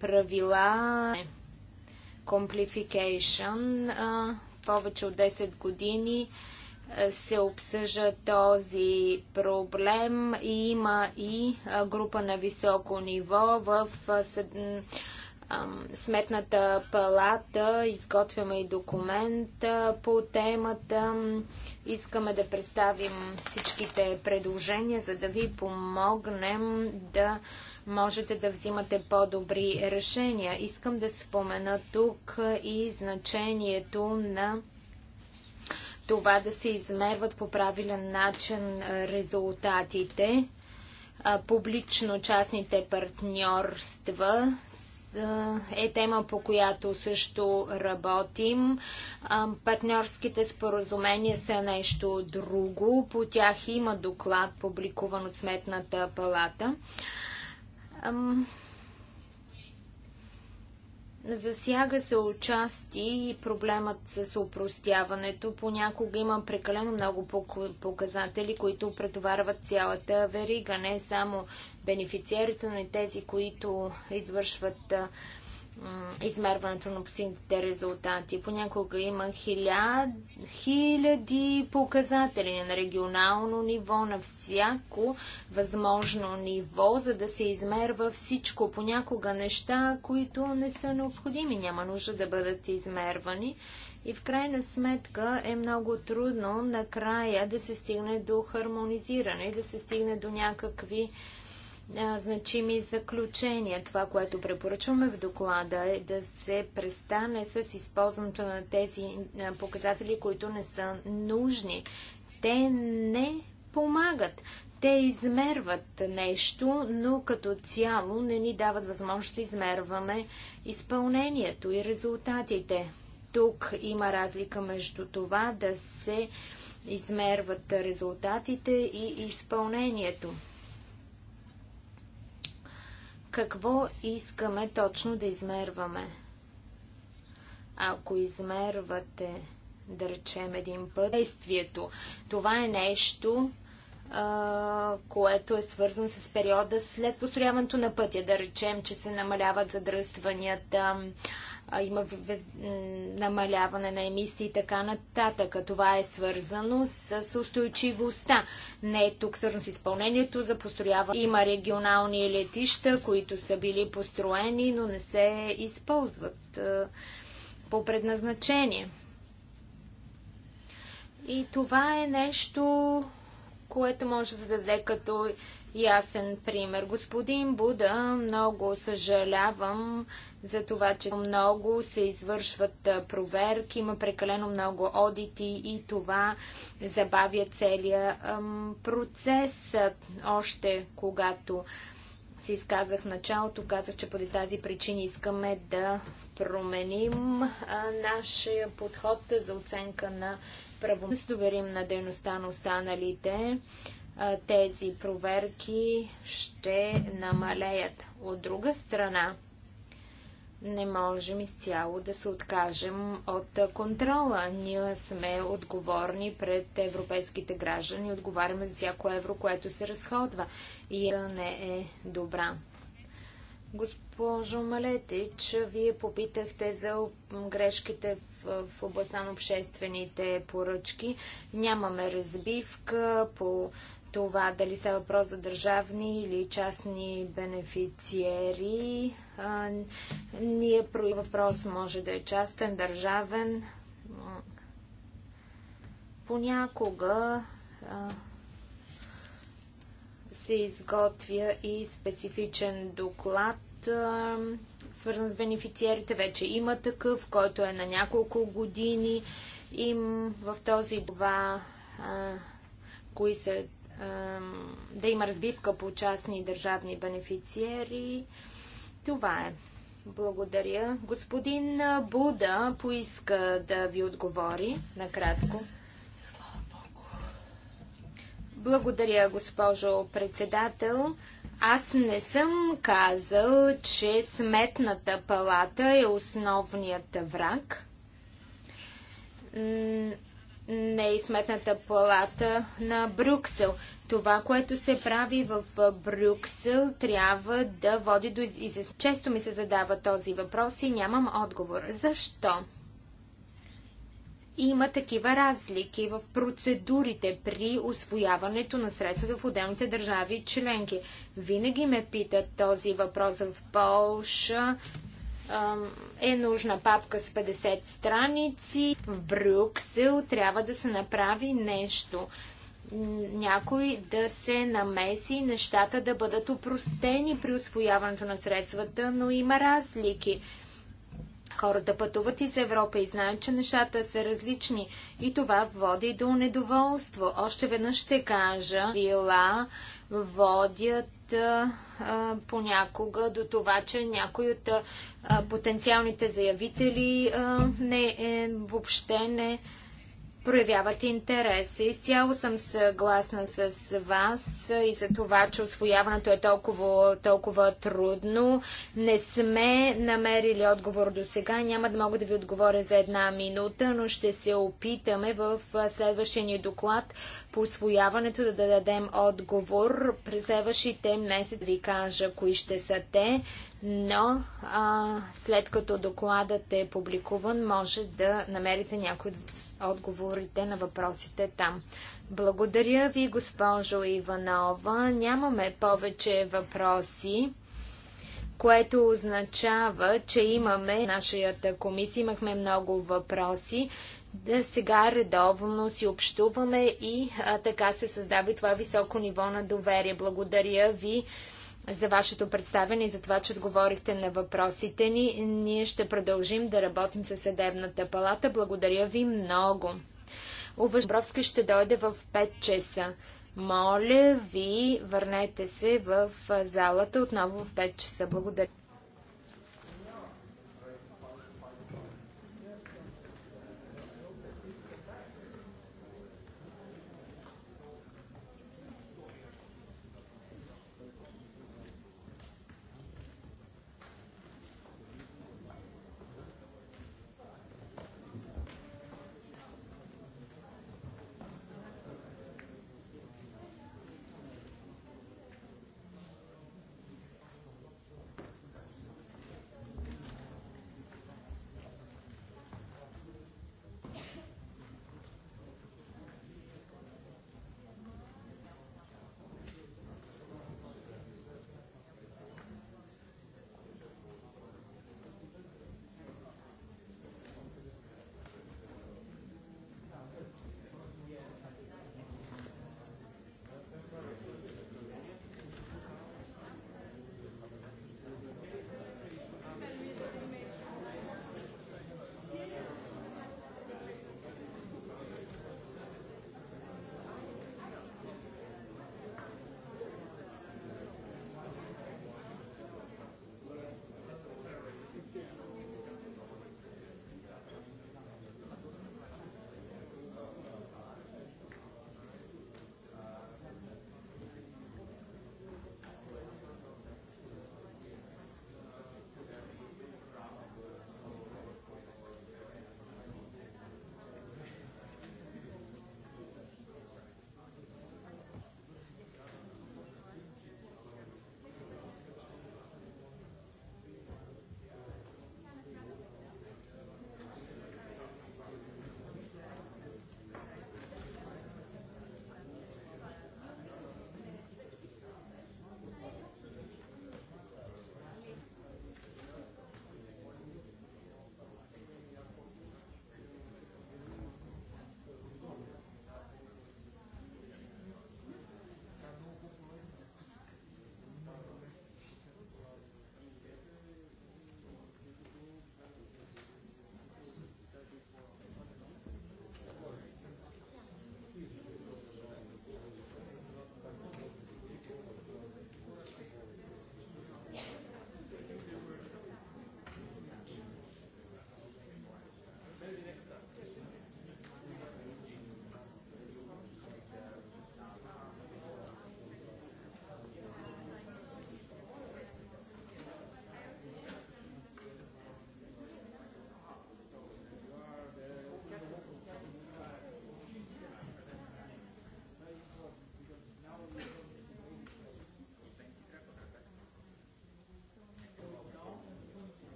правила. Complification. повече от 10 години се обсъжда този проблем и има и група на високо ниво в Сметната палата. Изготвяме и документ по темата. Искаме да представим всичките предложения, за да ви помогнем да можете да взимате по-добри решения. Искам да спомена тук и значението на това да се измерват по правилен начин резултатите. Публично-частните партньорства е тема, по която също работим. Партньорските споразумения са нещо друго. По тях има доклад, публикуван от Сметната палата. Ам... Засяга се отчасти и проблемът с упростяването. Понякога има прекалено много показатели, които претоварват цялата верига. Не само бенефициерите, но и тези, които извършват измерването на постигнатите резултати. Понякога има хиляд, хиляди показатели на регионално ниво, на всяко възможно ниво, за да се измерва всичко. Понякога неща, които не са необходими, няма нужда да бъдат измервани. И в крайна сметка е много трудно накрая да се стигне до хармонизиране, да се стигне до някакви значими заключения. Това, което препоръчваме в доклада е да се престане с използването на тези показатели, които не са нужни. Те не помагат. Те измерват нещо, но като цяло не ни дават възможност да измерваме изпълнението и резултатите. Тук има разлика между това да се измерват резултатите и изпълнението какво искаме точно да измерваме. Ако измервате, да речем, един път действието, това е нещо, което е свързано с периода след построяването на пътя. Да речем, че се намаляват задръстванията, има намаляване на емисии и така нататък. Това е свързано с устойчивостта. Не е тук свързано с изпълнението за построяване. Има регионални летища, които са били построени, но не се използват по предназначение. И това е нещо, което може да даде като ясен пример. Господин Буда, много съжалявам, за това, че много се извършват проверки, има прекалено много одити и това забавя целия процес. Още когато се изказах в началото, казах, че поради тази причина искаме да променим нашия подход за оценка на право. Да се доверим на дейността на останалите. тези проверки ще намалеят. От друга страна, не можем изцяло да се откажем от контрола. Ние сме отговорни пред европейските граждани, отговаряме за всяко евро, което се разходва и не е добра. Госпожо Малетич, вие попитахте за грешките в, в областта на обществените поръчки. Нямаме разбивка по това дали са въпрос за държавни или частни бенефициери ние про въпрос може да е частен, държавен. Понякога се изготвя и специфичен доклад, свързан с бенефициерите. Вече има такъв, който е на няколко години. Им в този това, кои са, да има разбивка по частни и държавни бенефициери. Това е. Благодаря. Господин Буда поиска да ви отговори накратко. Благодаря, госпожо председател. Аз не съм казал, че сметната палата е основният враг. Не и сметната палата на Брюксел това, което се прави в Брюксел, трябва да води до изяснение. Често ми се задава този въпрос и нямам отговор. Защо? Има такива разлики в процедурите при освояването на средства в отделните държави членки. Винаги ме питат този въпрос в Полша. Е нужна папка с 50 страници. В Брюксел трябва да се направи нещо някой да се намеси, нещата да бъдат упростени при освояването на средствата, но има разлики. Хората пътуват из Европа и знаят, че нещата са различни и това води до недоволство. Още веднъж ще кажа, била водят а, понякога до това, че някой от а, потенциалните заявители а, не, е, въобще не проявяват интерес. Изцяло съм съгласна с вас и за това, че освояването е толкова, толкова трудно. Не сме намерили отговор до сега. Няма да мога да ви отговоря за една минута, но ще се опитаме в следващия ни доклад по освояването да дадем отговор. През следващите месец ви кажа кои ще са те, но а, след като докладът е публикуван, може да намерите някой отговорите на въпросите там. Благодаря ви, госпожо Иванова. Нямаме повече въпроси което означава, че имаме нашата комисия, имахме много въпроси. Да сега редовно си общуваме и а, така се създава и това високо ниво на доверие. Благодаря ви за вашето представяне и за това, че отговорихте на въпросите ни. Ние ще продължим да работим със съдебната палата. Благодаря ви много. Уваж Бровски ще дойде в 5 часа. Моля ви, върнете се в залата отново в 5 часа. Благодаря.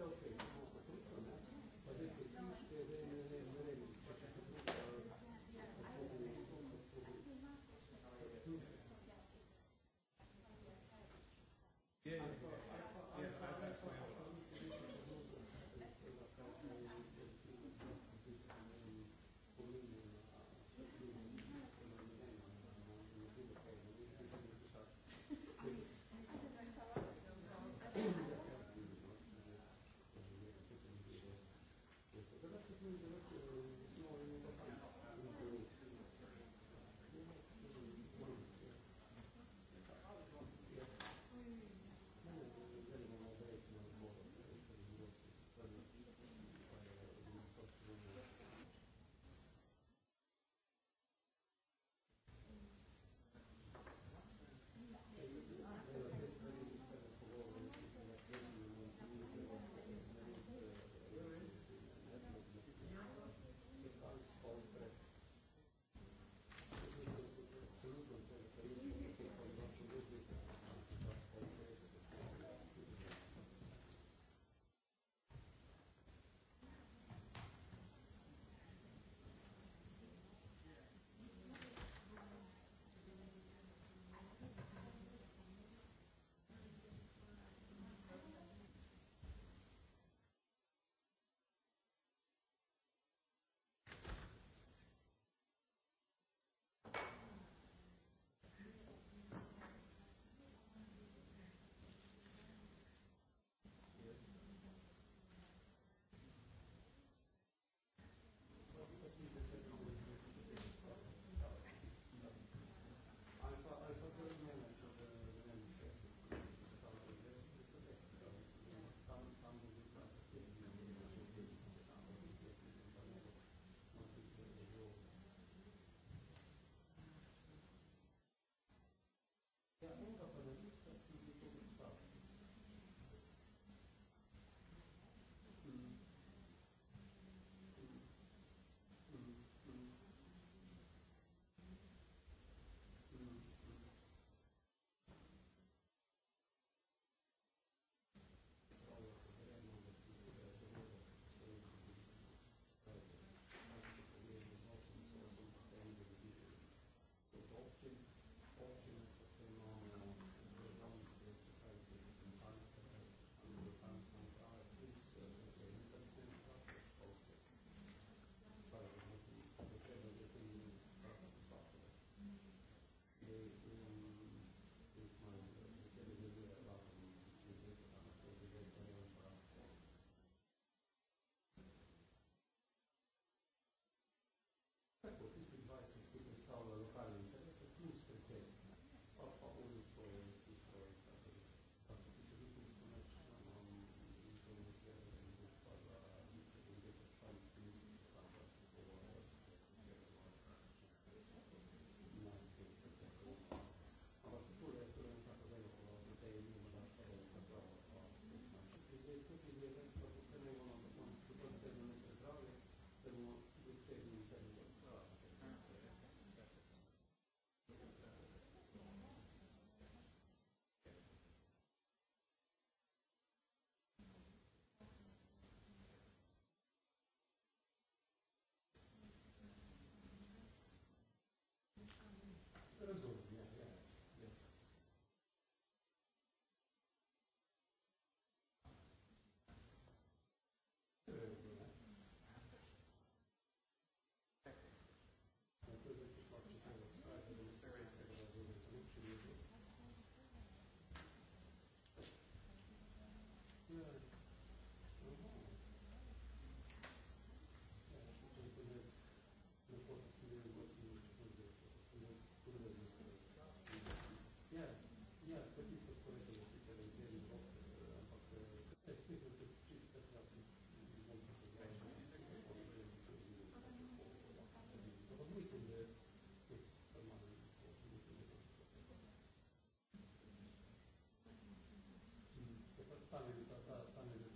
Okay. Yeah. Там е, там е, там е.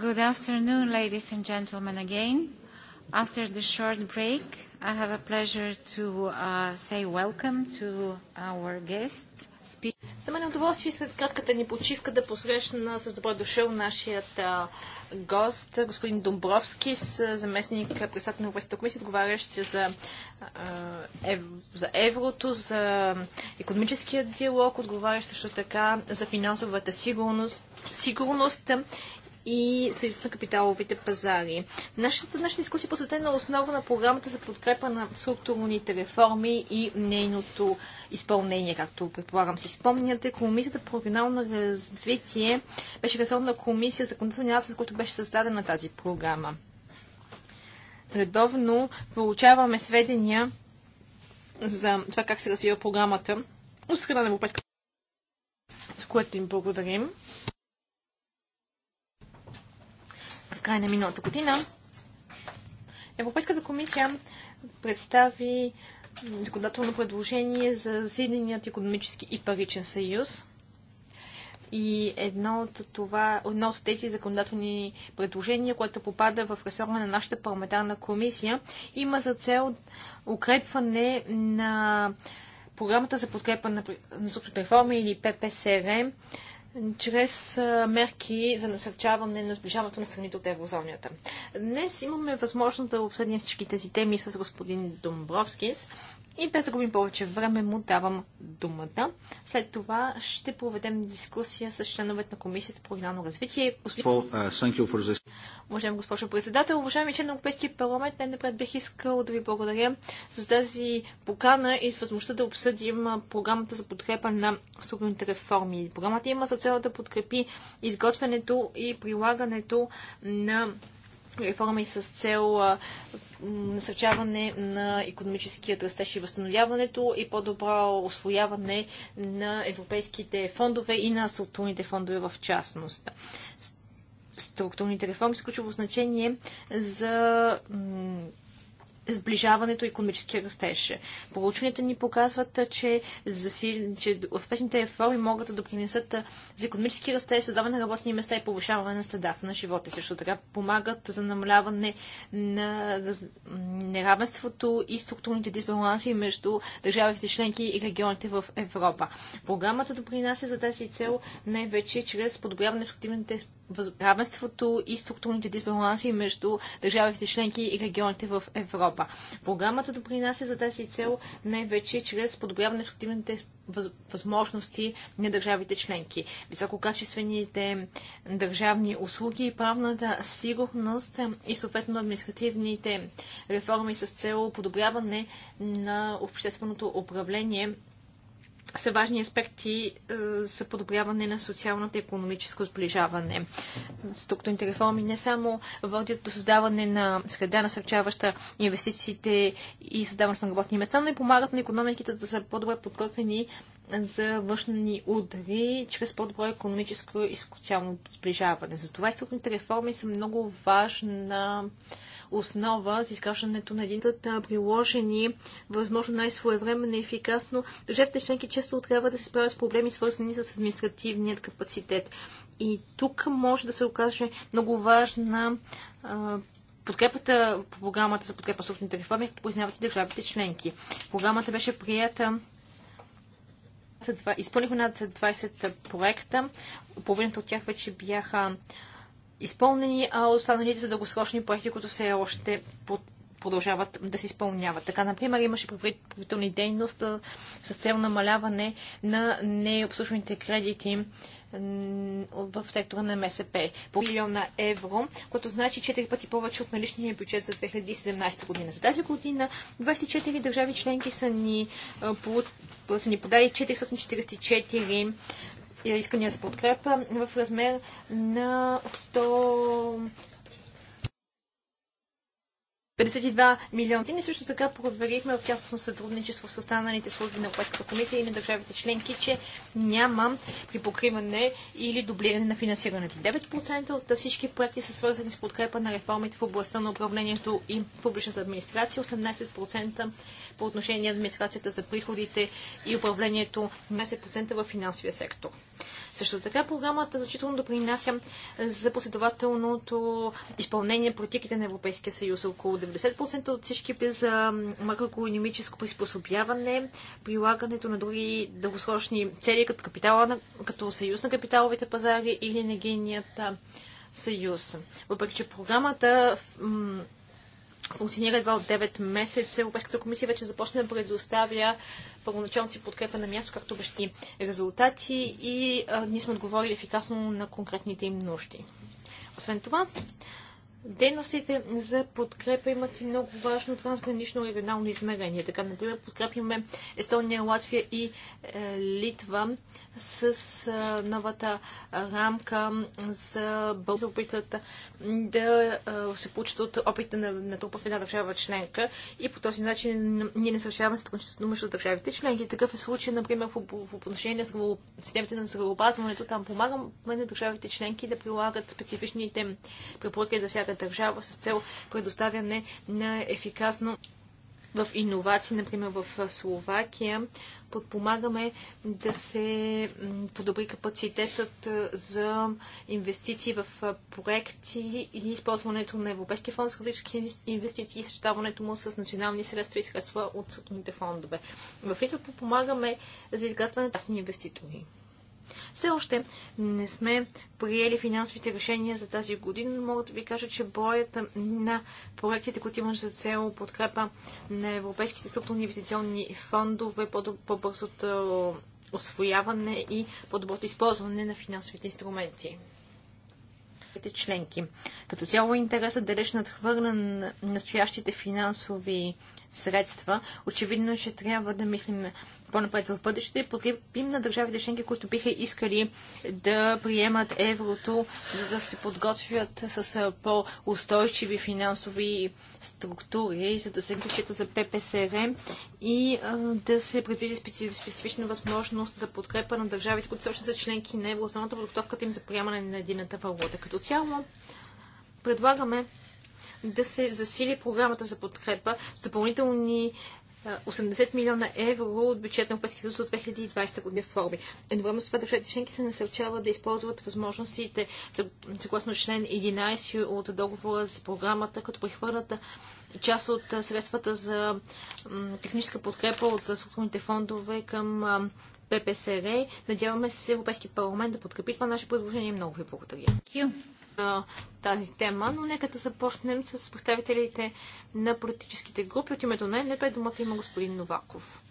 Good afternoon, ladies and gentlemen, again. After the short break, I have a pleasure to uh, say welcome to our guest. speaker. За мен е удоволствие след кратката ни почивка да посрещна с добро дошъл нашият гост, господин Домбровски, заместник председател на Европейската комисия, отговарящ за, еврото, за економическия диалог, отговарящ също така за финансовата сигурност и Съюз на капиталовите пазари. Нашата днешна дискусия е посветена основа на програмата за подкрепа на структурните реформи и нейното изпълнение. Както предполагам си спомняте, Комисията по регионално развитие беше ресурсна комисия за законодателния нацис, която беше създадена тази програма. Редовно получаваме сведения за това как се развива програмата от страна на Европейската за което им благодарим. Край края на миналата година, Европейската комисия представи законодателно предложение за Съединеният економически и паричен съюз. И едно от, това, едно от тези законодателни предложения, което попада в ресора на нашата парламентарна комисия, има за цел укрепване на програмата за подкрепа на, на реформи или ППСР, чрез мерки за насърчаване на сближаването на страните от еврозоната. Днес имаме възможност да обсъдим всички тези теми с господин Домбровскис и без да губим повече време му давам думата. След това ще проведем дискусия с членовете на Комисията по регионално развитие. Господин... Uh, Уважаема госпожо председател, уважаеми член на Европейския парламент, най-напред бих искал да ви благодаря за тази покана и с възможността да обсъдим програмата за подкрепа на структурните реформи. Програмата има за цел да подкрепи изготвянето и прилагането на реформи с цел насърчаване на економическият растеж и възстановяването и по-добро освояване на европейските фондове и на структурните фондове в частност структурните реформи с ключово значение за сближаването и економическия растеж. Получените ни показват, че, засил... че успешните реформи могат да допринесат за економически растеж, създаване на работни места и повишаване на средата на живота. Също така помагат за намаляване на неравенството и структурните дисбаланси между държавите членки и регионите в Европа. Програмата допринася за тази цел най-вече чрез подобряване на ефективните равенството и структурните дисбаланси между държавите членки и регионите в Европа. Европа. Програмата допринася за тази цел най-вече чрез подобряване на ефективните възможности на държавите членки. Висококачествените държавни услуги и правната сигурност и съответно административните реформи с цел подобряване на общественото управление са важни аспекти е, за подобряване на социалното и економическо сближаване. Структурните реформи не само водят до създаване на среда, насърчаваща инвестициите и създаваща на работни места, но и помагат на економиките да са по-добре подготвени за външни удари чрез по-добро економическо и социално сближаване. Затова структурните реформи са много важна основа за изграждането на един приложени възможно най-своевременно и ефикасно. Държавите членки често трябва да се справят с проблеми, свързани с административният капацитет. И тук може да се окаже много важна подкрепата по програмата за подкрепа собствените реформи, като признават и държавите членки. Програмата беше прията изпълнихме над 20 проекта. Половината от тях вече бяха изпълнени, а останалите за дългосрочни проекти, които все още под продължават да се изпълняват. Така, например, имаше правителни дейност с цел намаляване на необслужваните кредити в сектора на МСП по милиона евро, което значи 4 пъти повече от наличния бюджет за 2017 година. За тази година 24 държави членки са ни, са ни подали 444 искания за подкрепа в размер на 100 52 милиона. И също така проверихме в тясно сътрудничество с останалите служби на Европейската комисия и на държавите членки, че няма припокриване или дублиране на финансирането. 9% от всички проекти са свързани с подкрепа на реформите в областта на управлението и публичната администрация, 18% по отношение на администрацията за приходите и управлението на 10% в финансовия сектор. Също така програмата значително допринася за последователното изпълнение на политиките на Европейския съюз. Около 90% от всички за макроекономическо приспособяване, прилагането на други дългосрочни цели, като, капитала, като съюз на капиталовите пазари или енергийният съюз. Въпреки, че програмата функционира едва от 9 месеца. Европейската комисия вече започна да предоставя първоначалната си подкрепа на място, както обещи резултати и а, ние сме отговорили ефикасно на конкретните им нужди. Освен това, Дейностите за подкрепа имат и много важно трансгранично регионално измерение. Така, например, подкрепяме Естония, Латвия и е, Литва с е, новата рамка за бързо да е, се получат от опита на, на трупа в една държава членка и по този начин ние не насърчаваме сътрудничеството между държавите членки. Такъв е случай, например, в, в отношение на системите на здравеопазването. Там помагаме на държавите членки да прилагат специфичните препоръки за всяка всяка държава с цел предоставяне на ефикасно в иновации, например в Словакия, подпомагаме да се подобри капацитетът за инвестиции в проекти и използването на Европейския фонд за стратегически инвестиции и съчетаването му с национални средства и средства от съответните фондове. В Литва подпомагаме за изградване на частни инвеститори. Все още не сме приели финансовите решения за тази година, но мога да ви кажа, че броят на проектите, които имаш за цел подкрепа на европейските структурни инвестиционни фондове, по-бързото е, освояване и по-доброто използване на финансовите инструменти членки. Като цяло е интересът далеч надхвърля настоящите финансови средства. Очевидно, че трябва да мислим по-напред в бъдещето и подкрепим на държавите членки, които биха искали да приемат еврото, за да се подготвят с по-устойчиви финансови структури, за да се включат за ППСР и а, да се предвиди специфична възможност за подкрепа на държавите, които също са членки на еврозоната, подготовката им за приемане на едината валута. Като цяло предлагаме да се засили програмата за подкрепа с допълнителни 80 милиона евро от бюджет на Европейския съюз от 2020 година форми. Едновременно с това държавите членки се насърчава да използват възможностите съгласно член 11 от договора за програмата, като прехвърлят част от средствата за техническа подкрепа от структурните фондове към ППСР. Надяваме се Европейски парламент да подкрепи това наше предложение. Много ви благодаря на тази тема, но нека да започнем с представителите на политическите групи. От името на НДП думата има господин Новаков.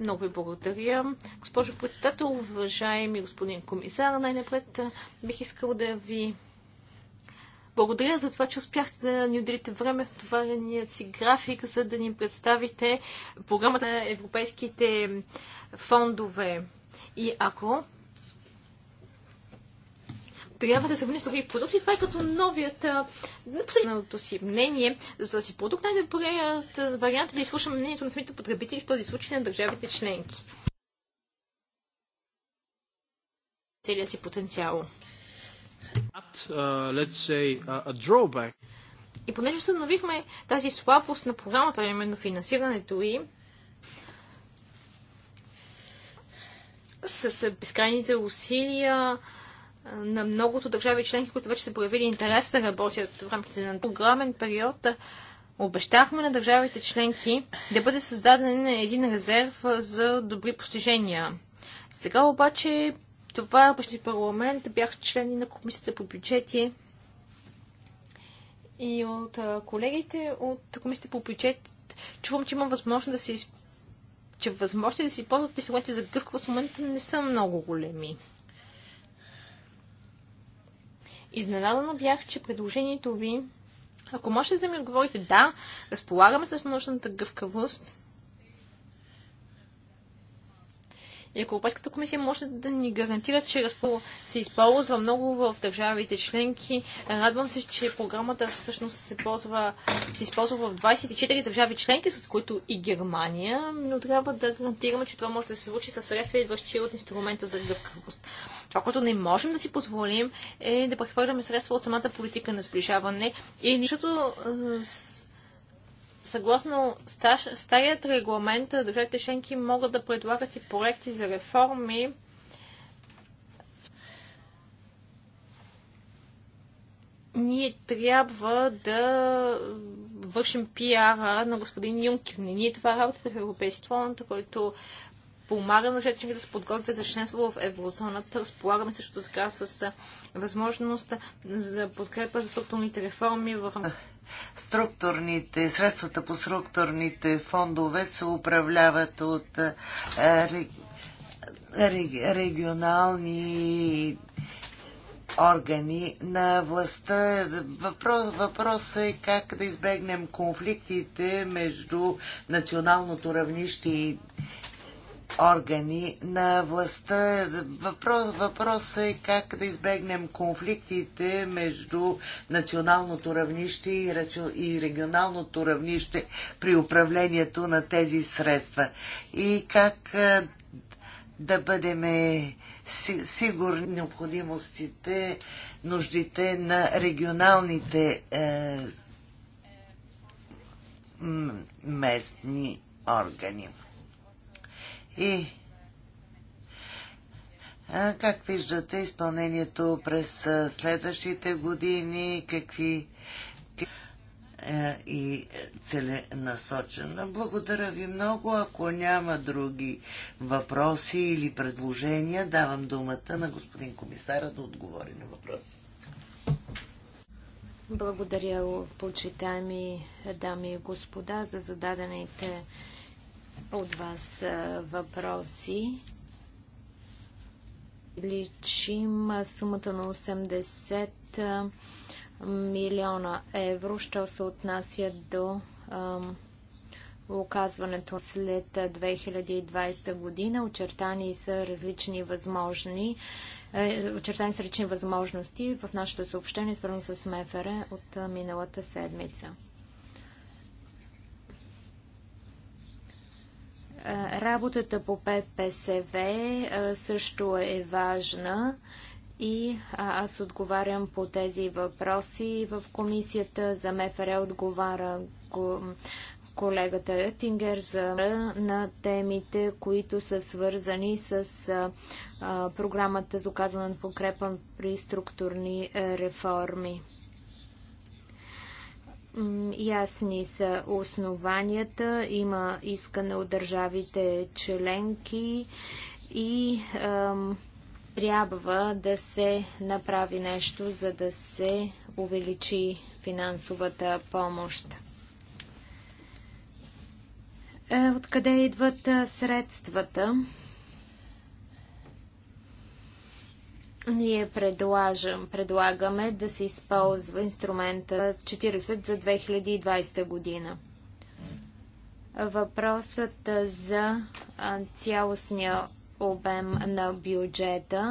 Много ви благодаря. Госпожо председател, уважаеми господин комисар, най-напред бих искал да ви благодаря за това, че успяхте да ни отделите време в товареният си график, за да ни представите програмата на европейските фондове. И ако трябва да се върне с други продукти. Това е като новият, последното си мнение за този си продукт. Най-добрият вариант е да изслушаме мнението на самите потребители, в този случай на държавите членки. Целият си потенциал. Uh, say, uh, И понеже установихме тази слабост на програмата, именно финансирането и с безкрайните усилия, на многото държави членки, които вече са проявили интерес да работят в рамките на програмен период, обещахме на държавите членки да бъде създаден един резерв за добри постижения. Сега обаче това обещи парламент бях члени на комисията по бюджети и от колегите от комисията по бюджет чувам, че има възможност да се изп... че възможности да се и инструментите за гъвкавост в момента не са много големи. Изненадана бях, че предложението ви, ако можете да ми отговорите да, разполагаме с нужната гъвкавост, И ако Европейската комисия може да ни гарантира, че се използва много в държавите членки, радвам се, че програмата всъщност се, ползва, се използва в 24 държави членки, с които и Германия, но трябва да гарантираме, че това може да се случи с средства, идващи от инструмента за гъвкавост. Това, което не можем да си позволим, е да прехвърляме средства от самата политика на сближаване и нищото Съгласно старият регламент, държавите членки могат да предлагат и проекти за реформи, ние трябва да вършим пиара на господин Юнкер. Не ние това работата в Европейски фонд, който помага на жертвите да се подготвят за членство в еврозоната. Разполагаме също така с възможност за подкрепа за структурните реформи в структурните, средствата по структурните фондове се управляват от е, регионални органи на властта. Въпрос, въпросът е как да избегнем конфликтите между националното равнище и органи на властта. Въпрос, въпросът е как да избегнем конфликтите между националното равнище и, регионалното равнище при управлението на тези средства. И как да бъдем сигурни необходимостите, нуждите на регионалните е, местни органи. И как виждате изпълнението през следващите години, какви и целенасочена. Благодаря ви много. Ако няма други въпроси или предложения, давам думата на господин комисара да отговори на въпрос. Благодаря, почитаеми дами и господа, за зададените от вас въпроси. Личим сумата на 80 милиона евро, що се отнася до оказването след 2020 година. Очертани са различни възможни е, очертани са различни възможности в нашето съобщение, свързано с МФР от миналата седмица. Е, работата по ППСВ е, също е важна и аз отговарям по тези въпроси в комисията. За МФР отговара колегата Етингер за на темите, които са свързани с а, програмата за оказване на подкрепа при структурни е, реформи. Ясни са основанията, има искане от държавите членки и ам, трябва да се направи нещо, за да се увеличи финансовата помощ. Е, откъде идват средствата? Ние предлагам, предлагаме да се използва инструмента 40 за 2020 година. Въпросът за цялостния обем на бюджета